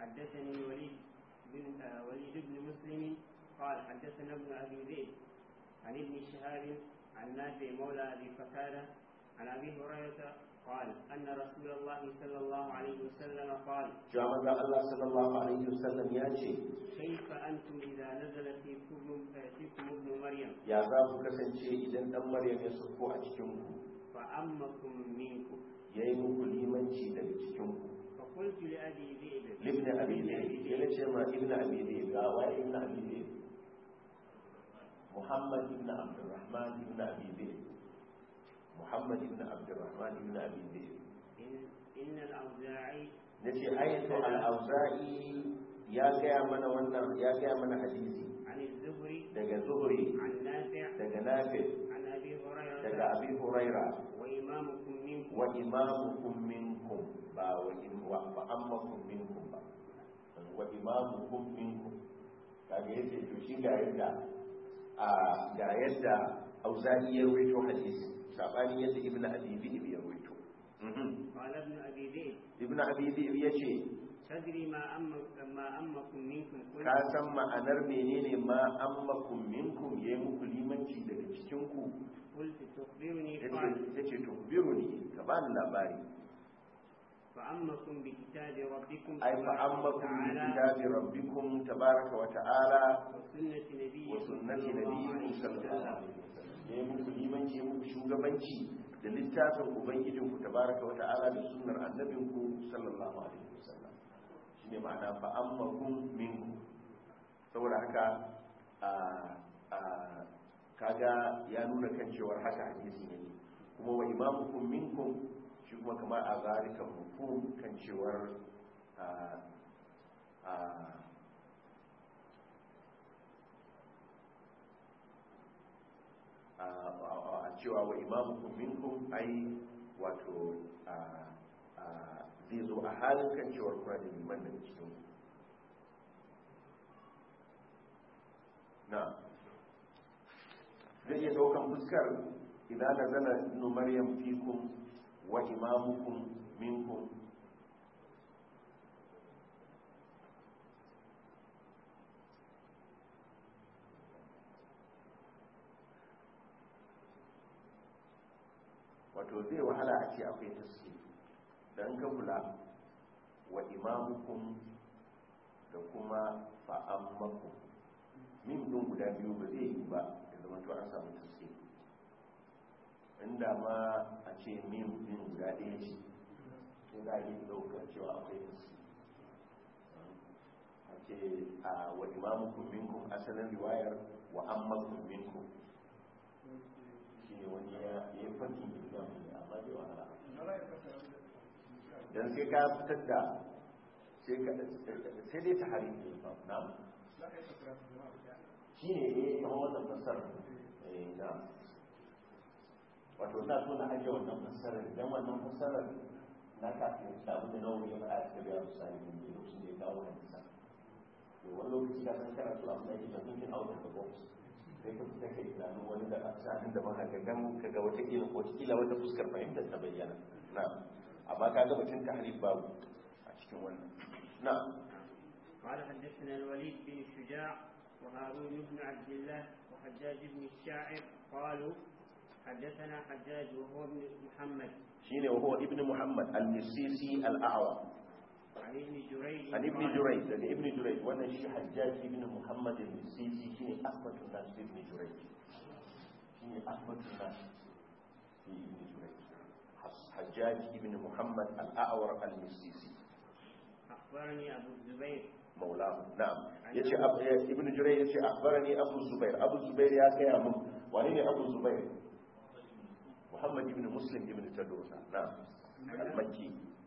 حدثني وليد بن وليد بن مسلم قال حدثنا ابن ابي زيد عن ابن شهاب عن نافع مولى ابي قتاده عن ابي هريره قال أن رسول الله صلى الله عليه وسلم قال جامد الله صلى الله عليه وسلم يأتي كيف أنتم إذا نزل فيكم فيكم ابن مريم يا ذاك كسنشي إذا أم مريم يصفو أجكمكم فأمكم منكم يأيمكم لمنشي لأجكمكم فقلت لأبي ذئب لابن أبي ذئب يلجي ما ابن أبي ذئب غاوى ابن أبي ذئب محمد بن عبد الرحمن بن أبي ذئب muhammad ibn abdurrahman ibn abi bishr in al-auza'i nace al-auza'i ya gaya mana wannan ya gaya daga zuhri daga nafi daga abi huraira wa imamukum minkum ba wa ammakum minkum ba wa imamukum minkum kaga yace to shi ga yadda a ga yadda ya rawaito hadisi sabani yadda ibnu abi ya rawaito mhm. ibnu abi dhib ibnu abi tadri ka san ma'anar menene ma ammakum minkum yayi muku limanci daga cikin ku qultu tukhbiruni ka bani labari da ya muku limanci ya muku shugabanci da littafin ubangijinku tabaraka wa ta'ala da sunnar annabinku sallallahu alaihi wasallam shine ma'ana fa ammakum minku saboda haka a a kaga ya nuna kan cewar haka hadisi ne kuma wa imamukum minkum shi kuma kamar a zalika hukum kan cewar a cewa wa imamu kuminkun ai wato zai zo a halin kan cewar kuna da liman daga cikin na zai iya daukan fuskar idan zana ibnu maryam fikum wa imamukum minkum wato zai wahala a ce akwai tasiri don ka kula wa imamukum da kuma fa'ammakum min ɗin guda biyu ba zai yi ba da zama to an samu tasiri inda ma a ce min ɗin guda ɗaya ce sai da a yi ɗaukar cewa akwai tasiri a ce a wa imamukum minkum asalin riwayar wa ammakum minkum shi ne wani ya yi fanti da mai amma zai wahala dan sai ka fitar da sai ka sai dai ta hari ne ba na shi ne ya eh, yi wannan fasarar eh, na wato na so na ajiye wannan fasarar dan wannan fasarar na kafin da abin da nauyi ya a cikin biya misali ne lokacin da ya kawo wannan wani lokaci ka san karatu abin da da mutum out box sai kuma take tunanin wani da sa'adin da baka gangan kaga wata kila wata kila wata fuskar fahimtar ta bayyana na amma kaga mutum tahrif babu a cikin wannan na قال حدثنا الوليد بن الشجاع وهارون بن عبد الله وحجاج بن الشاعر قالوا حدثنا حجاج وهو ابن محمد شيني وهو ابن محمد المسيسي الأعور an ibn jurai daga ibn jurai wannan shi hajjaji ibn muhammad ibn sisi shine asbatun nas ibn jurai shine asbatun nas ibn jurai hajjaji ibn muhammad al-a'war al-misisi أخبرني أبو الزبير مولاه نعم يجي أب... ابن جرير يجي أخبرني أبو الزبير أبو الزبير يا كي أمم وأنين أبو الزبير محمد بن مسلم بن تدوسة نعم المكي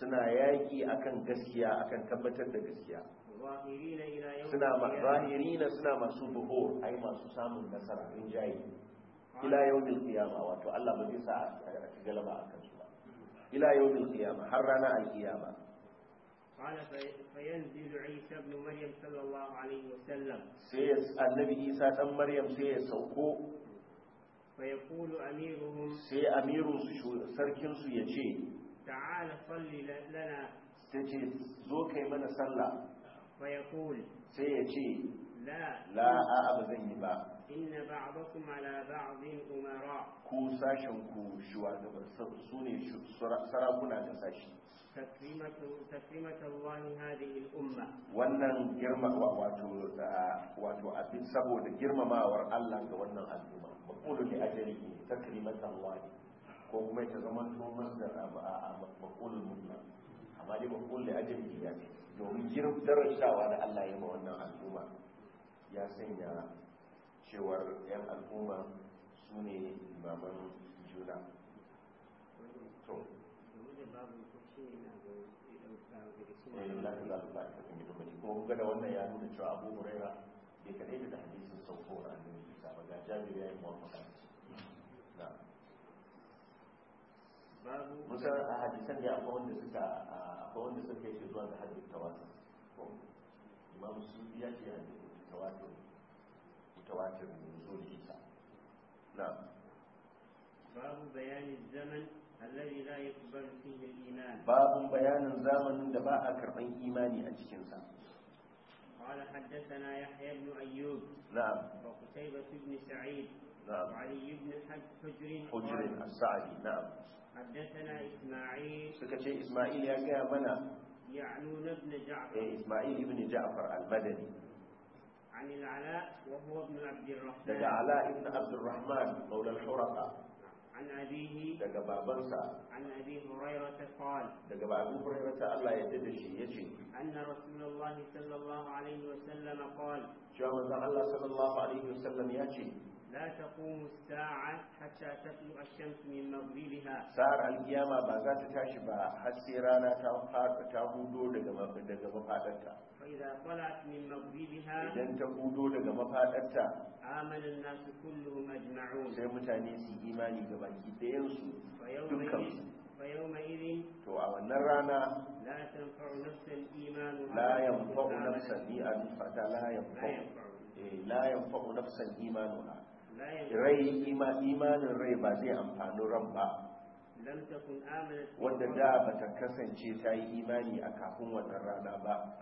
suna yaki akan gaskiya akan tabbatar da gaskiya suna zahirina suna masu buhur ai masu samun nasara in jayi ila yawmil qiyama wato Allah ba zai sa a ci galaba akan su ba ila yawmil qiyama har rana al-qiyama قال فينزل عيسى ابن مريم صلى الله عليه وسلم سيس النبي عيسى ابن مريم سيس سوكو فيقول أميرهم سي أمير سركن سيجي تعال صل لنا تجي زوك من صلى فيقول سيجي لا لا أبذن با إن بعضكم على بعض أمراء كو ساشن كو شوار سوني سراكونا تساشي تكريمة تكريمة الله هذه الأمة wannan girma wato wato abin saboda girmamawar Allah ga wannan al'umma maqulu li ajrihi takrimatan Allah ko kuma ta zama to masdar a maqul mutla amma dai maqul da ne ya domin girin darajawa da Allah ya ma wannan al'umma ya sanya cewar yan al'umma su ne imaman juna to ko ga da wannan ya nuna cewa abu huraira bai kadai da hadisin sauko a nan ba ga jami'ai ya yi mawafaka musa a hadisan da akwai wanda suka akwai wanda suka yi zuwa ga hadin tawatur imam sufi ya ce hadin tawatur mutawatir mu zo da isa na'am babu bayanin zaman alladhi la yuqbalu fihi al-iman babu bayanin zamanin da ba a karban imani a cikin sa قال حدثنا يحيى بن أيوب نعم وقتيبة بن سعيد نعم وعلي بن حجر حجر السعدي نعم حدثنا إسماعيل سكتي إسماعيل يا جابنا يعنون ابن جعفر إسماعيل ابن جعفر المدني عن العلاء وهو ابن عبد الرحمن دقى علاء ابن عبد الرحمن مولى الحرقة عن أبيه دقى بابنسا عن أبي هريرة قال دقى أبي هريرة الله يتدشي يجي أن رسول الله صلى الله عليه وسلم قال شو الله صلى الله عليه وسلم يجي لا تقوم الساعة حتى تطلع الشمس من مغربها سار القيامة بازات تاشبا حسيرانا تنفاق تهودو لغا مفادتا فإذا طلعت من مغربها إذن تهودو لغا مفادتا آمن الناس كلهم أجمعون سيمتاني سي إيماني غباكي دينسو فيومئذ فيومئذ تو أولنا رانا لا تنفع نفس الإيمان لا ينفع نفس الإيمان فتا ينفع لا ينفع نفسا إيمانها rai imanin rai ba zai amfani ran ba wanda da ba ta kasance ta yi imani a kafin wannan rana ba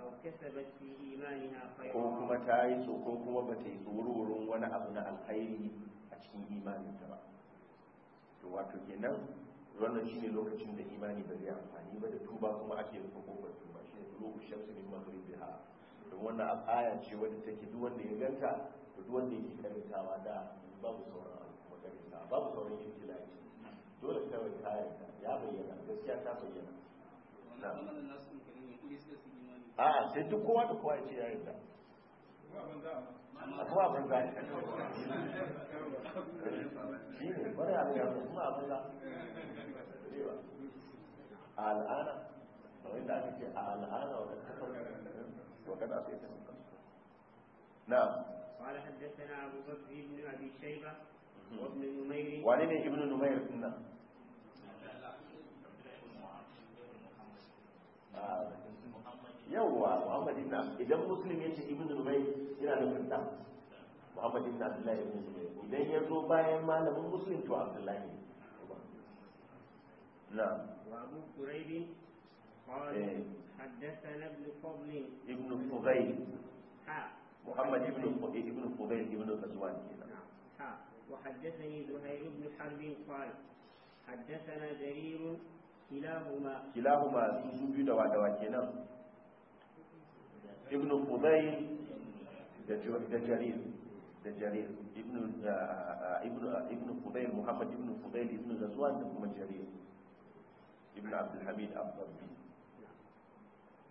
ko kuma ta yi so ko kuma ba ta yi tsoron wani abu na alkhairi a cikin imaninta ba to wato kenan wannan shi ne lokacin da imani ba zai amfani ba da tuba kuma ake rufe kofar tuba shi ne lokacin shamsu min magribiha don wannan aya ce wadda take duk wanda ya ganta to duk ya ke karantawa da babu sauran makarita babu sauran yin tilaci dole kawai kayan ya bayyana gaskiya ta bayyana a sai duk kowa da kowa ya ce ya yarda kuma abin za shi ne bari a ga kuma abin za a al'ana kamar wanda ake ce a al'ana wadda ta kawo wadda a sai ta sun na قال حدثنا أبو بكر بن أبي شيبة وابن نمير وعلينا ابن نمير كنا yawwa Muhammad ibn idan muslim yace ibn Zubayr yana nufin da Muhammad ibn Abdullah idan ya zo bayan malamin muslim to Abdullah ne na قال حدثنا ابن فضل ابن فضيل محمد بن ابن فضيل بن غزوان وحدثني زهير بن حرب قال حدثنا جرير كلاهما كلاهما سوسو دوا دوا كينان ابن فضيل da jarir da jarir ibn fudail muhammad ibn fudail ibn zazwan da kuma jarir ibn abdulhamid abdulhamid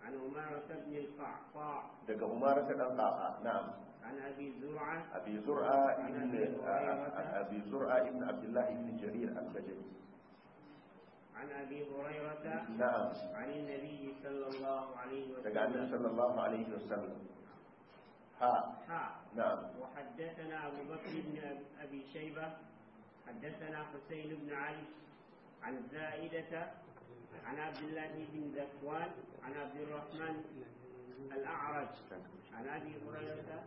عن عمارة بن القعقاع دقا عمارة بن القعقاع نعم عن أبي زرعة أبي زرعة ابن آه، أبي زرعة ابن عبد الله بن جرير البجلي عن أبي هريرة نعم عن النبي صلى الله عليه وسلم عن النبي صلى الله عليه وسلم ها ها نعم وحدثنا أبو بكر بن أبي شيبة حدثنا حسين بن علي عن زائدة عن عبد الله بن ذكوان عن عبد الرحمن الأعرج عن أبي هريرة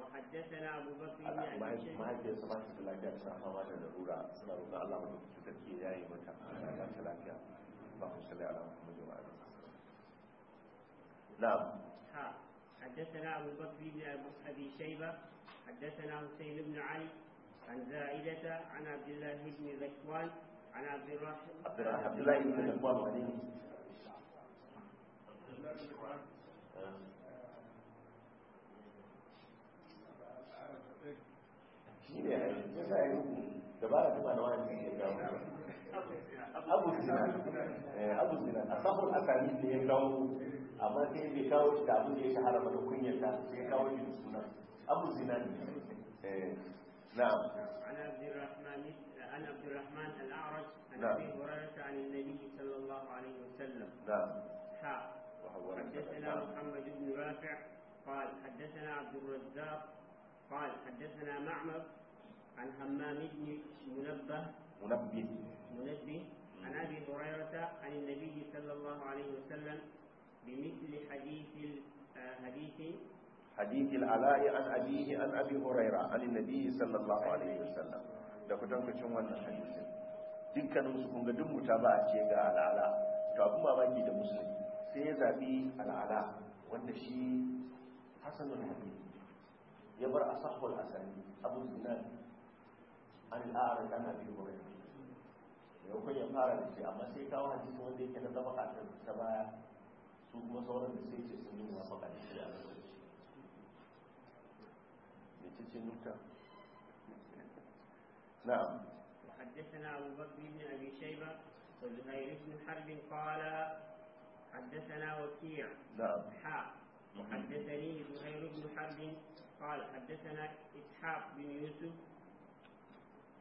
وحدثنا ابو بكر بن ابي شيبه ما هي سمعت بالله كان سامع وانا ضروره سنه الله ما تتكي ياي متى لا تلاقيها اللهم صل على محمد وعلى اله نعم حدثنا ابو بكر بن ابي شيبه حدثنا حسين بن علي عن زائدة عن عبد الله بن ذكوان عن عبد الرحمن عبد الله بن ذكوان وعليه shi ne a yanzu ta sa yi dabara kuma na wani ne ya gawo abu sinan abu sinan a sabon asali da ya kawo amma sai bai kawo shi da abin da ya shahara mana kunyar da ya kawo shi da sunan abu sinan ne na'am عن عبد الرحمن الأعرج عن أبي هريرة عن النبي صلى الله عليه وسلم نعم حدثنا محمد بن رافع قال حدثنا عبد الرزاق قال حدثنا معمر عن همام بن منبه منبه منبه عن أبي هريرة عن النبي صلى الله عليه وسلم بمثل حديث حديث حديث العلاء عن أبيه عن أبي هريرة عن النبي صلى الله عليه وسلم da ku tankacin wannan hadisin dukkanin su kun ga ba a ce ga al'ala to abin babaki da musulmi sai ya zabi al'ala wanda shi hasanul hadith ya bar asahul asali abu dinar an al'ara kana bi hurairah يو كي يمارا بيسي أما سيكا وحدي سوان دي كلا دبقا عشان سبا سوق ما صورا بيسي جي سنين وحبقا نشي أما سيكا بيسي جي نوتا نعم حدثنا أبو بكر بن أبي شيبة وزهير بن حرب قال حدثنا وكيع نعم حا وحدثني زهير بن حرب قال حدثنا إسحاق بن يوسف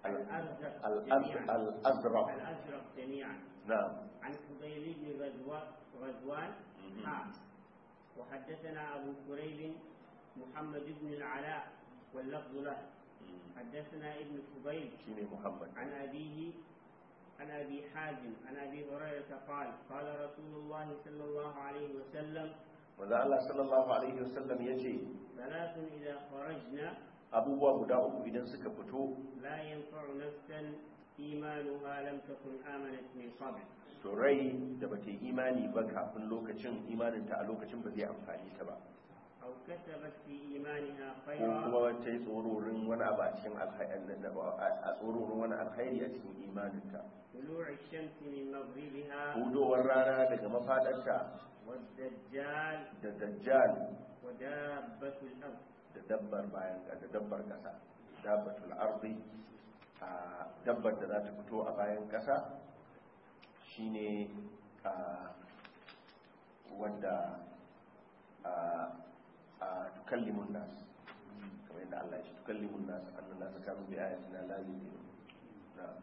الأزرق الأزرق, الأزرق جميعا نعم عن فضيل بن غزوان وحدثنا أبو كريب محمد بن العلاء واللفظ له حدثنا ابن فضيل محمد عن أبيه عن أبي حازم عن أبي هريرة قال قال رسول الله صلى الله عليه وسلم وذا الله صلى الله عليه وسلم يجي ثلاث إذا خرجنا abubuwa guda uku idan suka fito Layin faru nafsan to rai da bata imani ba kafin lokacin imanin a lokacin ba zai amfani ta ba ko kuma wata yi tsororin wani abu a cikin alhairi a cikin imanin ta hudowar rana daga mafadarta da dajjal da dabbar bayan da dabbar kasa dabbatul ardi a dabbar da za ta fito a bayan kasa shine a wanda a tukallimun nas kamar yadda Allah ya ce tukallimun nas annan nas kanu bi ayatina la yu'minun na'am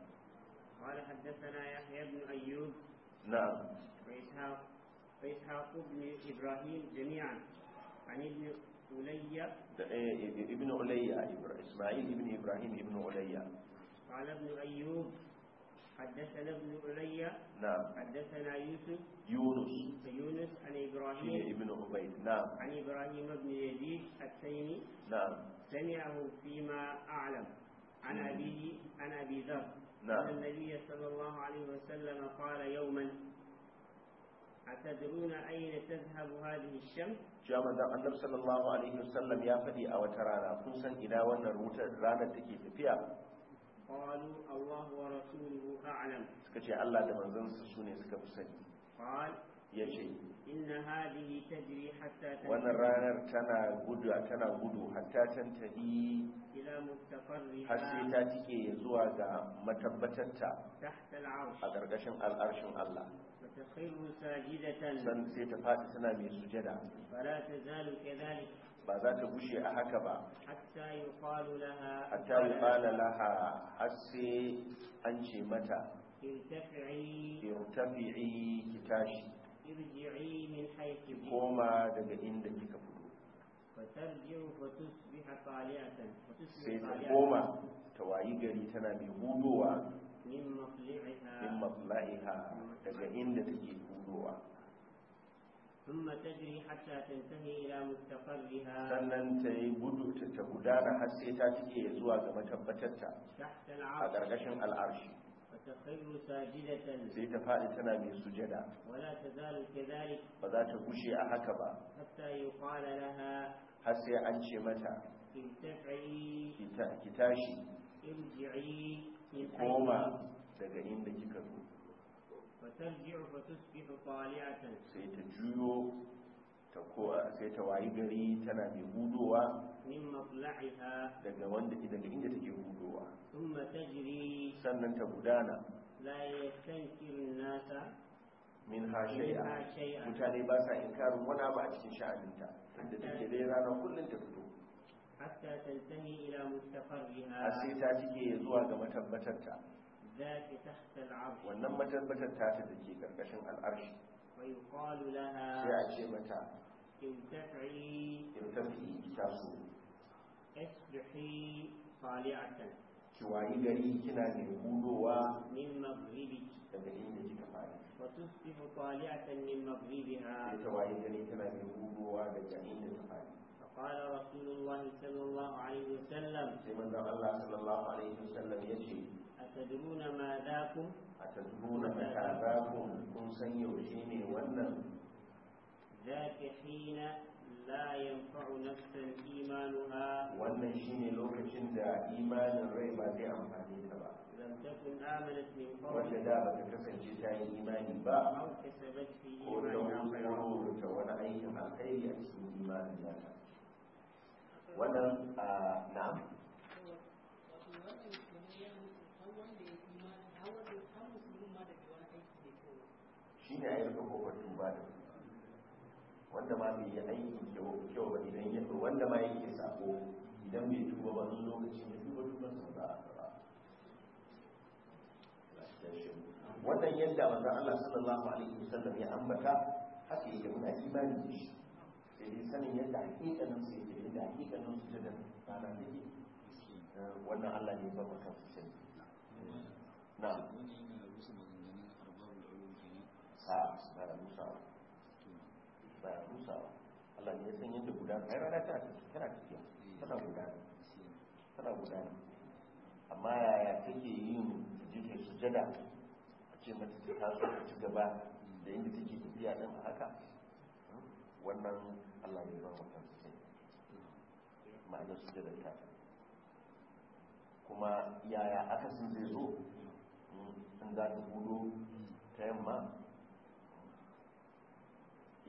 قال حدثنا يحيى بن أيوب نعم Na. وإسحاق بن إبراهيم جميعا عن ابن أولية ابن أولية إسماعيل ابن إبراهيم ابن أولية قال ابن أيوب حدثنا ابن علي نعم حدثنا يوسف يونس يونس عن ابراهيم ابن عبيد نعم عن ابراهيم بن يزيد التيمي نعم سمعه فيما اعلم عن ابيه عن ابي ذر نعم النبي صلى الله عليه وسلم قال يوما أتدرون أين تذهب هذه الشمس؟ جاء من النبي صلى الله عليه وسلم يا فدي أو ترانا كنسا إلى وأن الروت رانا تكي فيها قالوا الله ورسوله أعلم سكتي الله لمن زنس سوني سكبسني قال ya ce inna hadihi tajri hatta wannan ranar tana gudu tana gudu hatta tantahi har sai ta tike zuwa ga matabbatarta a ƙarƙashin al'arshin Allah san sai ta faɗi tana mai sujada ba za ta gushe a haka ba hatta yi ƙwala laha har sai an ce mata irtafi'i ki tashi koma daga inda kika sai ta ta wayi gari tana mai hudowa min mafla'iha daga inda take hudowa ثم تجري حتى تنتهي الى مستقرها sannan ta yi gudu ta gudana har sai ta tike zuwa ga matabbatarta a gargashin al'arshi فتخر ta زي تفعل تنا من سجدة ولا تزال كذلك فذات بشي أحكبا har sai an ce mata ki tashi ki koma daga inda kika zo sai ta juyo ta kowa sai ta wayi gari tana mai hudowa daga wanda daga inda take hudowa sannan ta gudana nasa min ha shay'a mutane ba sa inkarin wani abu a cikin sha'aninta da take dai rana kullun ta fito hatta tantahi ila mustaqarriha sai ta cike zuwa ga matabbatarta zati tahta wannan matabbatar ta ta dake karkashin al'arshi laha sai a ce mata irtafi irtafi tafi su asbihi sali'atan ki wayi gari kina ne hudowa min maghribiki daga inda kika fara وتصبح طالعة من مغربها فقال رسول الله صلى الله عليه وسلم الله صلى الله عليه وسلم يجي أتدرون ما ذاكم أتدرون ما ذاكم كن سيئ شيء ذاك حين لا ينفع نفسا wannan shine lokacin da imanin rai ba zai amfane ta ba lam takun amanat min qabl wanda da ba ta kasance ta yi imani ba ko da wani ta wani aikin alkhairi a cikin imanin nata wannan na'am shi ne a yi da wanda ma bai yi aiki kyau ba idan ya wanda ma yake sako idan bai tuba ba wani lokacin ya tuba tuban sun za a gaba wannan yadda manzon Allah sallallahu alaihi wasallam ya ambata haka yake muna imani da shi sai dai sanin yadda hakikanin su yake yadda hakikanin su da rana take wannan Allah ne ba su sani na wannan yana rusa maganganun arbabul ulum kenan a da musa ba ya rusa ba Allah ne ya san yadda gudana ai rana tana tafiya tana tafiya tana gudana tana gudana amma yaya take yin jikin sujada a ce mata ta taso ta ci gaba da yadda take tafiya nan a haka wannan Allah ne ba mutum sai ma'anar sujada ta kuma yaya aka akasin zai zo in za ta gudu ta yamma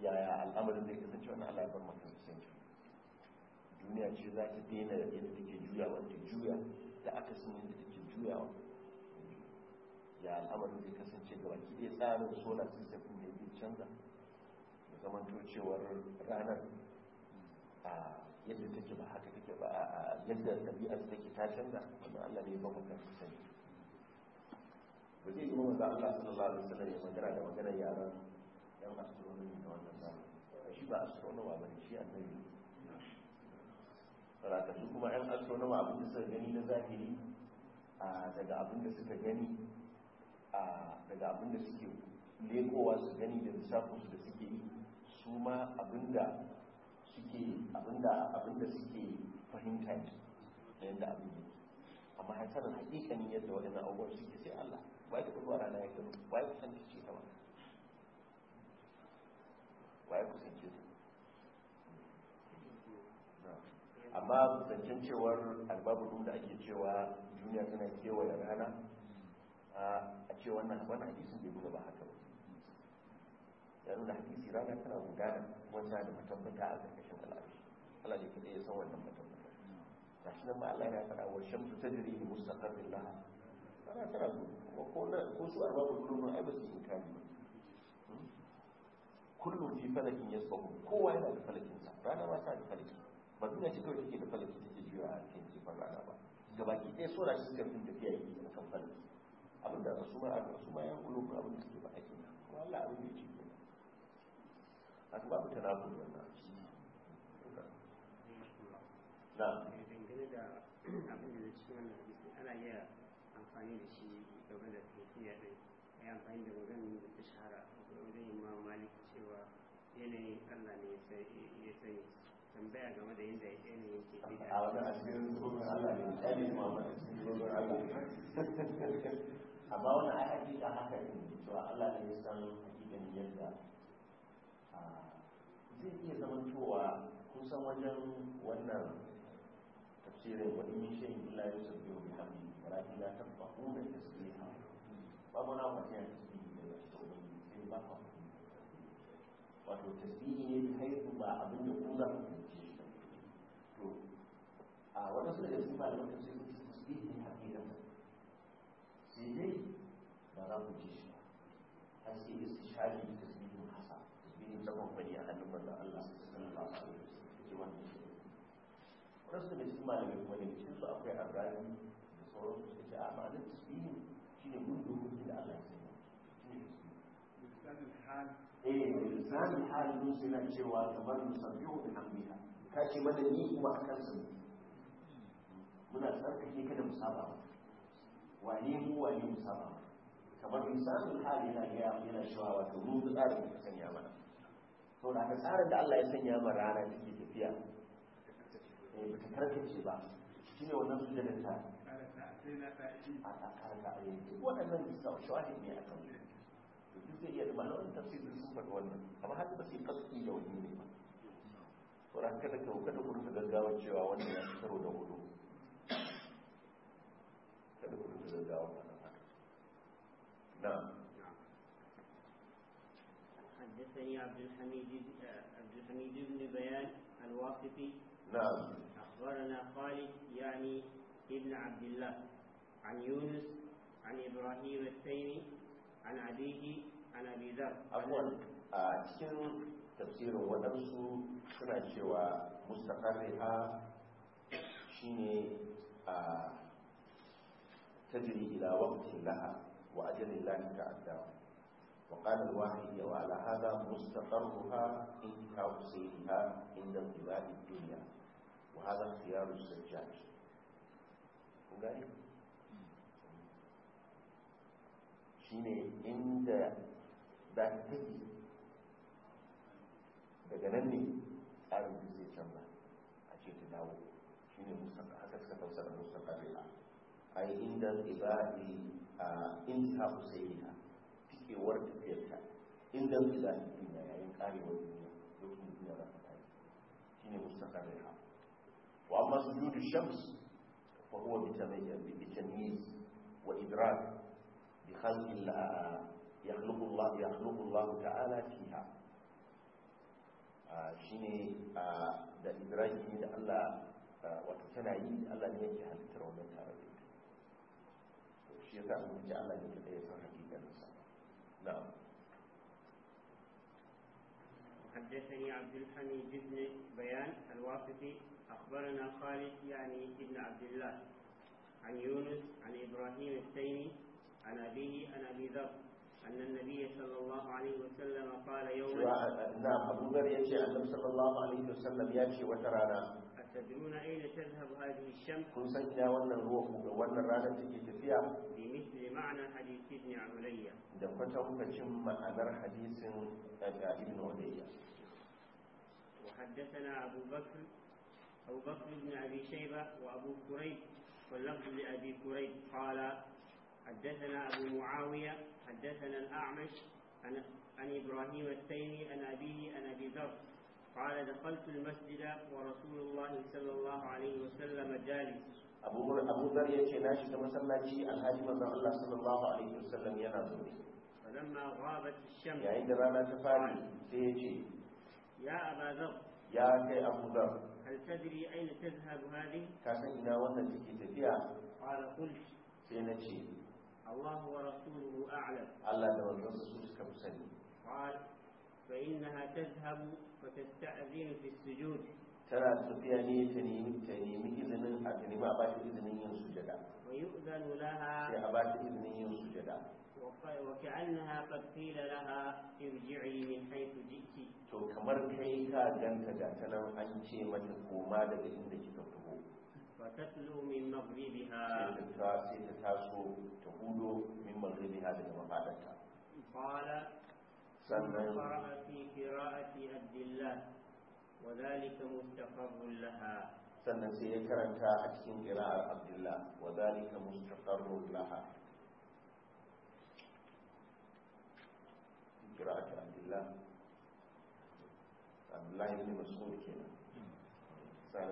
yaya al'amarin zai kasance wani Allah ya bar kasance duniya ce za ta daina da yadda take juya wanda juya da aka sun yadda take juya ya al'amarin zai kasance ga baki ɗaya tsarin solar system ne yake canza da zamanto cewar ranar a yadda take ba haka take ba a yadda ɗabi'ar take ta canza wanda Allah ne ya baka sani. ba zai yi ba Allah sallallahu alaihi wasallam ya magana da magana yaran yan astronomy na wannan zamani shi ba astronomer ba ne shi annabi saraka su kuma yan astronomer abin da suka gani na zahiri daga abin da suka gani daga abin da suke lekowa su gani da lissafinsu da suke yi su ma abin da suke abin da suke fahimta da yadda abin yake amma hasarar hakikanin yadda waɗannan abubuwan suke sai Allah ba ta kudu a rana ya gano ba ya kusanci ce ta wani waye kusance ta amma zancen cewar albabulu da ake cewa duniya tana kewaye rana a ce wannan wannan hadisin bai nuna ba haka ba yanzu da hadisi rana tana gudana wanda da matabbata a ƙarƙashin al'arshi Allah ne kaɗai ya san wannan matabbata ga shi nan ma Allah ya faɗa wa shamsu tajri li ƙarfin lahar rana tana gudu ko ko su albabu qulubun ai ba su inkari ba kullum fi falakin ya tsawo kowa yana da falakinsa rana ma sa da falaki ba duniya ce kawai take da falaki take juya a cikin jefan rana ba gabaki ɗaya sora shi suka fin tafiya yi a kan falaki abin da su ma a su ma ya kullum abin da suke ba ake na kuma Allah abin da ya ce ke nan a kuma abin ta na gudu wannan na dangane da abin da zai cikin wannan ana iya amfani da shi game da tafiya ɗin a yi amfani da maganin da yanayin Allah ne ya sani tambaya game da yadda yanayin ke fi a wani a cikin tsoron Allah ne ya ne kuma wani cikin tsoron Allah a ba wani a hakika haka ne cewa Allah ne ya san hakikan yadda zai iya zama cewa kusan wajen wannan tafsirin wani min shayin illa ya sabbi wa bihamdi walakin la tabaquna tasbiha babu na mutum ya tasbihi da ya tsoron sai ba ka wato tasbihi ne bi haihu ba abin da kuma ba ku ce shi to a wata suna da su ba da sai su tasbihi ne hakika sai dai ba za ku shi ba har sai ya su shafi tasbihin hasa tasbihin tsakon kwari a hannun wanda Allah ke wannan shi da su malamai kuma ne cikin su akwai da su a ma'anar tasbihin shine gundu da Allah ya sanya eh lisan halin musu yana cewa kamar musabbihu da hamdika ka ce mana ni kuma a kansa ne muna tsarkake ka da musaba wane mu wane musaba kamar misalin hali yana ga yana cewa wato mu tsarin da sanya mana to da ka tsarin da Allah ya sanya mana rana take tafiya eh bata karkace ba shine wannan sujjadar ta eh, a ta karka ayyuka waɗannan shawahi ne akan mu to duk zai iya da malamin tafsirin sun faɗi wannan amma haka ba su yi kaski da wani ne ba to ran kada ka kada ku rufe gaggawa cewa wannan ya karo da hudu kada ku rufe gaggawa wannan haka na'am حدثني عبد الحميد عبد الحميد بن بيان الواسطي نعم أخبرنا خالد يعني ابن عبد الله عن يونس عن إبراهيم التيمي عن أبيه عن أبي ذر عفوا آه، cikin tafsirin waɗansu suna cewa mustaqarriha shine a آه، tajri ila waqtin laha wa ajalin lahi وقال الواحد وعلى هذا مستقرها انتهاء سيرها عند انقلاب الدنيا وهذا اختيار الزجاج وقال shine inda za ta take daga nan ne tsarin da zai canza a ce ta dawo shi ne haka suka tausa da musa ƙarfiya a yi inda ibadi a inda husaina fikewar tafiyarta inda ibadi duniya yayin karewar duniya lokacin duniya za ta tare shi ne musa ƙarfiya wa amma su yudu shams fa huwa bitamayyar bi bitamiz wa idrak بخلق الله يخلق الله يخلق الله تعالى فيها آه، شيني آه، دا إبراهيم دا الله آه، وتتنعي الله لن يجي هل ترى من تاربيت شيطان من جعل لك ليس حقيقة نعم حدثني عبد الحميد بن بيان الواسطي اخبرنا خالد يعني ابن عبد الله عن يونس عن ابراهيم التيمي عن أبيه عن أبي ذر أن النبي صلى الله عليه وسلم قال يوما لا أبو ذر يجي أن صلى الله عليه وسلم يجي وترانا أتدرون أين تذهب هذه الشمس؟ كن سنة ون الروح ون رانا تجي تفيا بمثل معنى حديث ابن عليا دفتهم فشم أدر حديث ابن عليا وحدثنا أبو بكر أبو بكر بن أبي شيبة وأبو كريب واللفظ لأبي كريب قال حدثنا أبو معاوية حدثنا الأعمش عن, عن إبراهيم التيمي عن أبيه عن أبي ذر قال دخلت المسجد ورسول الله صلى الله عليه وسلم جالس أبو أبو ذر يجي ناشي كما سمعتي الحاج الله صلى الله عليه وسلم ينظر فلما غابت الشمس يعني عندما تفعل سيجي يا أبا ذر يا كي أبو ذر هل تدري أين تذهب هذه؟ كاسن إلى وانا تكي تبيع قال قلت سينتي الله ورسوله أعلم الله ورسوله كم سني قال فإنها تذهب فتستأذن في السجود ترى سفياني تنيم تنيم إذن أتنيم أبات إذن ينسجد ويؤذن لها في أبات إذن ينسجد وكأنها قد قيل لها ارجعي من حيث جئت to kamar kai ka ganta ga ta nan an ce mata koma daga inda kika fito فتتلو من مغربها سيدة تاسو تقول من مغربها لما مفادتها قال ثم قرأ في قراءة عبد الله وذلك مستقر لها sannan sai ya karanta a cikin ƙira'ar abdullah wa zalika mustaqarrun laha ƙira'ar abdullah abdullah ibn mas'ud kenan sai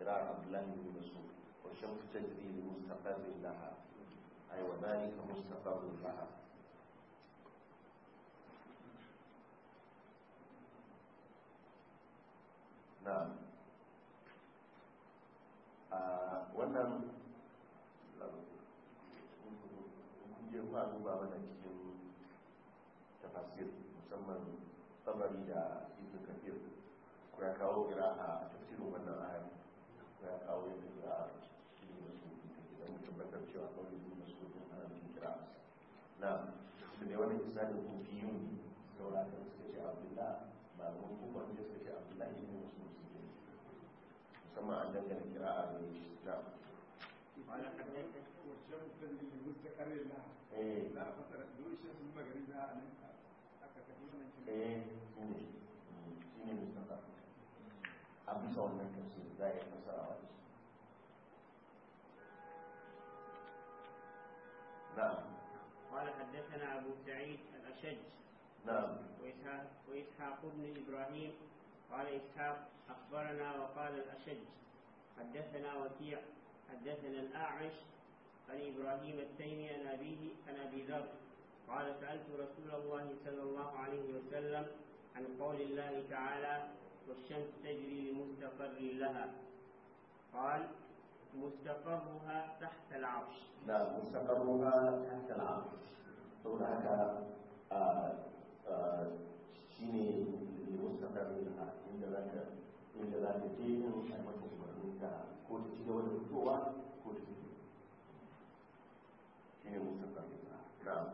شراء أبلان الرسول والشمس تجري لمستقر لها أي وذلك مستقر لها نعم wannan kungiyar ba mana cikin tafasir musamman tabari da ibn kawo kira a kawo yadda kira a cikin masu idan mutum bakar cewa kawai zuwa masu wajen ana jin kira na da ne wani saura suka ce ne suka ce abdullah ne wasu musulmi musamman an kira a ne shi na قال حدثت والشمس للمستقر لها لا فترة دون الشمس wannan za a yi shi نعم قال حدثنا أبو سعيد الأشج نعم وإسحاق, وإسحاق بن إبراهيم قال إسحاق أخبرنا وقال الأشج حدثنا وكيع حدثنا الأعش عن إبراهيم التيمي عن أبيه عن أبي ذر قال سألت رسول الله صلى الله عليه وسلم عن قول الله تعالى والشمس تجري لمستقر لها قال مستقرها تحت العرش نعم مستقرها تحت العرش تقول هكا آه، آه، سيني لمستقرها عند ذلك عند ذلك دين وشيء كل شيء هو كل شيء سيني مستقرها نعم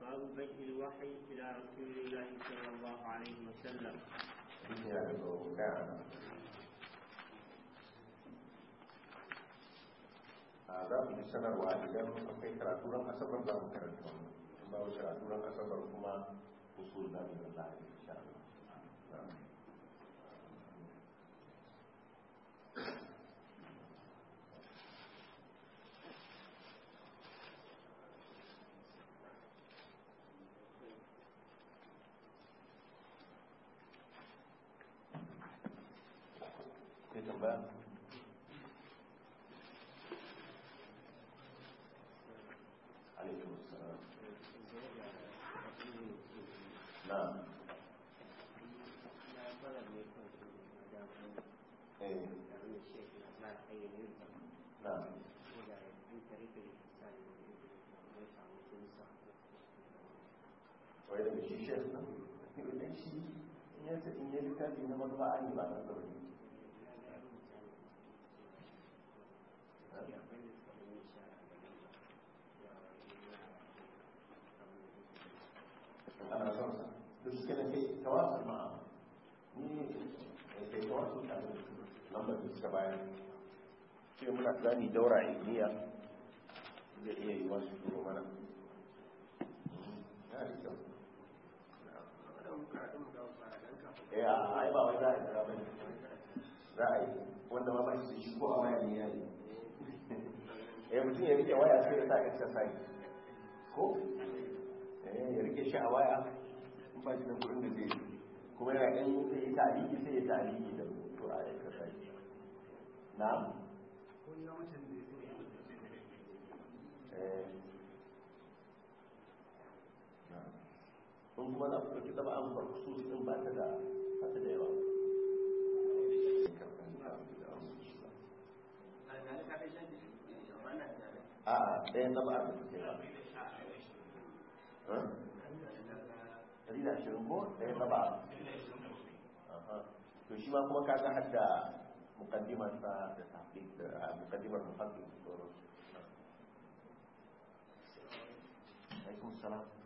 باب بيت الوحي الى رسول الله صلى الله عليه وسلم. Ah, za mu yi sanarwa idan akwai karatu ran asabar za mu karanta wannan in ba karatu ran asabar kuma usul da mu da insha Allah shi ya ce in yi littafi na mazuwa yi ba na ana son ta lambar suka bayan ce muna zani daura zai iya yi wasu turo mana eh a ai ba wai za a kira bane a yi wanda ba bai shi ko a waya ne ya yi? eh mutum ya rike waya sai ya sa exercise ko eh ya rike shi a waya in ba shi da da zai kuma yana ɗan yi zai tarihi sai ya tarihi da to a exercise na'am ko ya mutum da ya eh in kuma za ku ɗauki zama an bar kusus ɗin ba ta da ba ta da yawa a ɗayan zama a rubuce ba ɗari da ashirin ko ɗayan zama a to shi ma kuma kaga hadda mukaddimar sa da tahqiq da mukaddimar muhaddis da sauransu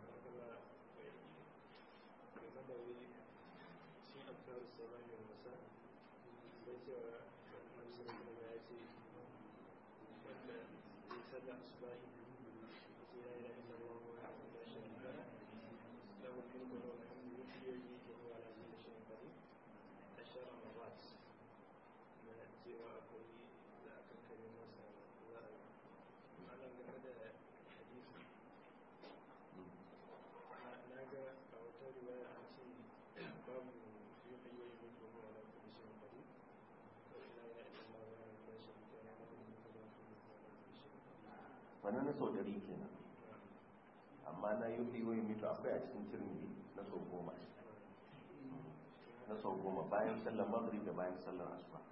wannan na sau ke nan amma na yi biyu yi mito akwai a cikin cirmi na sau goma na sau goma bayan sallar maghrib da bayan sallar asuwa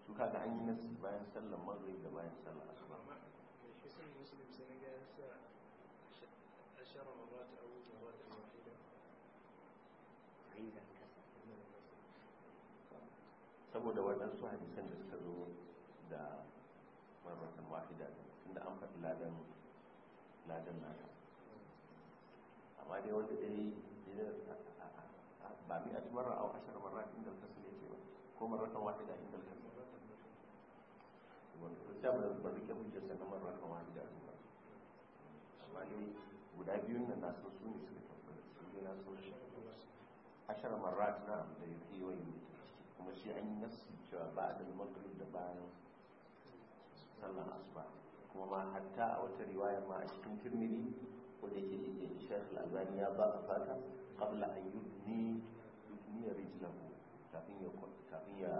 su kaga an yi nasi bayan sallar maghrib da bayan sallar asuwa saboda waɗansu hadisan da suka zo da marmatan wahida inda an faɗi ladan ladan nata amma dai wanda dai ba mi a tumarra a ashar marra inda alkasu ne ce ba ko da wahida inda alkasu wanda ta ce ba rike hujjar sannan marrakan wahida ba amma dai guda biyun nan nasu su ne suka tabbata su ne na so shi ashar marra na da ya fi kuma shi an yi nasu cewa ba a da magrib da bayan sallan asuba kuma ma hatta a wata riwaya ma a cikin firmini wanda yake yin shekul albani ya ba a fata kabla an yudni yudni ya rijilahu kafin ya kafin ya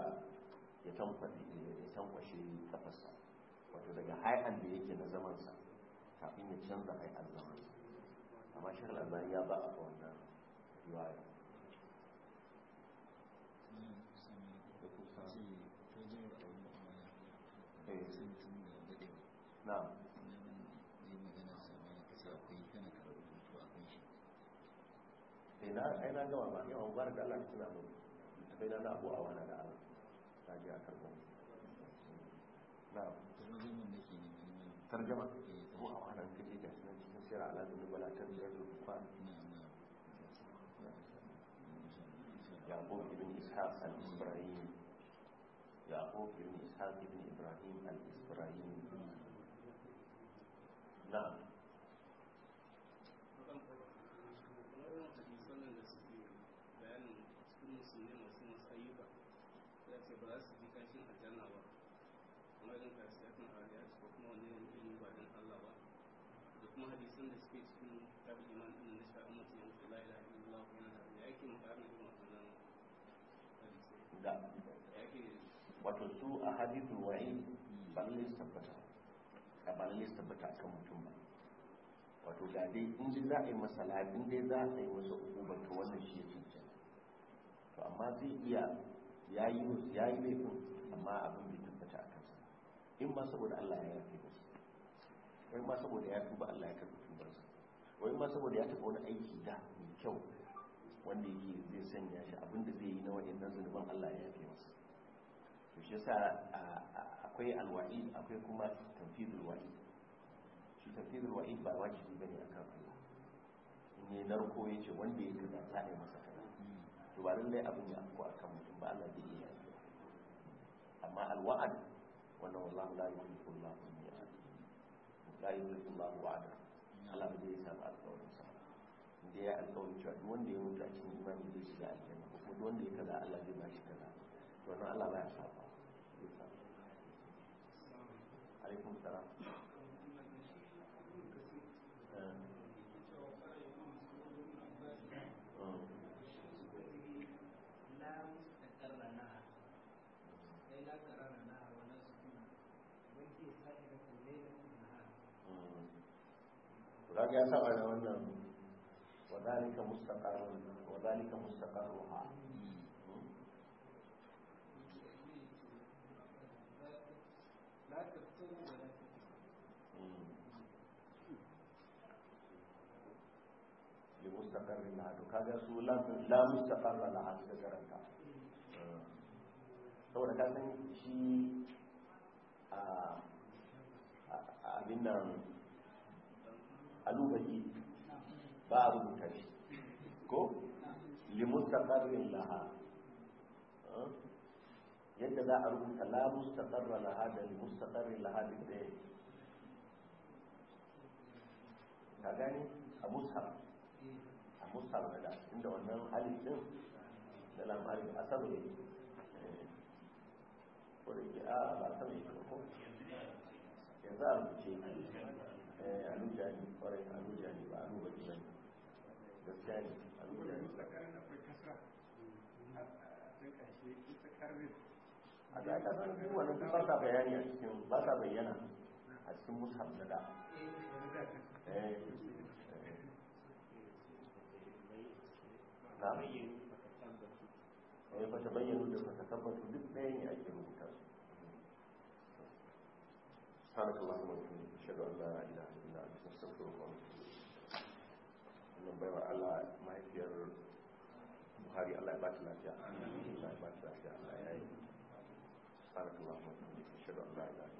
ya tamfaɗi ya tamfashe kafarsa wato daga hai'an da yake na zamansa kafin ya canza hai'an zamansa amma shekul albani ya ba a wannan riwaya na zai magana na ai mu na a na ne ko a wannan يعقوب بن إسحاق الإسرائيلي يعقوب بن إسحاق بن إبراهيم الإسرائيلي tabbata kan mutum ba wato ga dai in ji za a yi masa labin dai za a yi masa hukumar ta wannan shi ya cancanta to amma zai iya ya yi ya yi laifin amma abin bai tabbata a kansa in ma saboda Allah ya yafe masa wai ma saboda ya tuba Allah ya karɓi su wai ma saboda ya taɓa wani aiki da mai kyau wanda yake zai sanya shi abin da zai yi na waɗannan zunuban Allah ya yafe masa to shi yasa akwai alwa'i akwai kuma tanfidul wa'i shi tafsirul wa'id ba wajibi bane akan Allah in yi narko ya ce wanda ya kaza za a yi masa kaza to ba lallai abin ya afko akan mutum ba Allah zai iya yi amma alwa'ad wannan wallahi la yuhibbu Allah man ya'ad la yuhibbu Allah wa'ada Allah ba zai saba alƙawarin sa inda ya alƙawarin cewa duk wanda ya mutu a cikin imani zai shiga aljanna ko duk wanda ya kaza Allah zai ba shi kaza to wannan Allah ba ya saba alaikum salam ya saba da wannan wa zalika mustaqarrun wa zalika mustaqarruha لمستقر لها to kaga su la la mustaqarra laha da garanta hmm. saboda ka san shi a ah, ah, abin nan a ba a rubuta shi ko limustaqarrin laha yadda za a rubuta la mustaqarra laha da limustaqarrin laha duk da ka gani a mushaf a musar da inda wannan alif din da lamarin a asabu ne ko da ke a ba asabu ne ko yanzu a rubuce aluja eh, ne kwarai aluja ne ba alu gaskiya ne aluja ne tsakarin akwai mm. a ta kasan ba sa bayani a cikin ba sa bayyana a cikin mushaf na da eh, eh. ta bayyana da tabbata duk ɗaya ne ake rubuta su سبحانك اللهم roƙon wannan baiwa Allah mahaifiyar Buhari Allah ya ba ta lafiya Allah ya ba ta lafiya Allah ya yi Subhanallahi wa bihamdihi ashhadu an la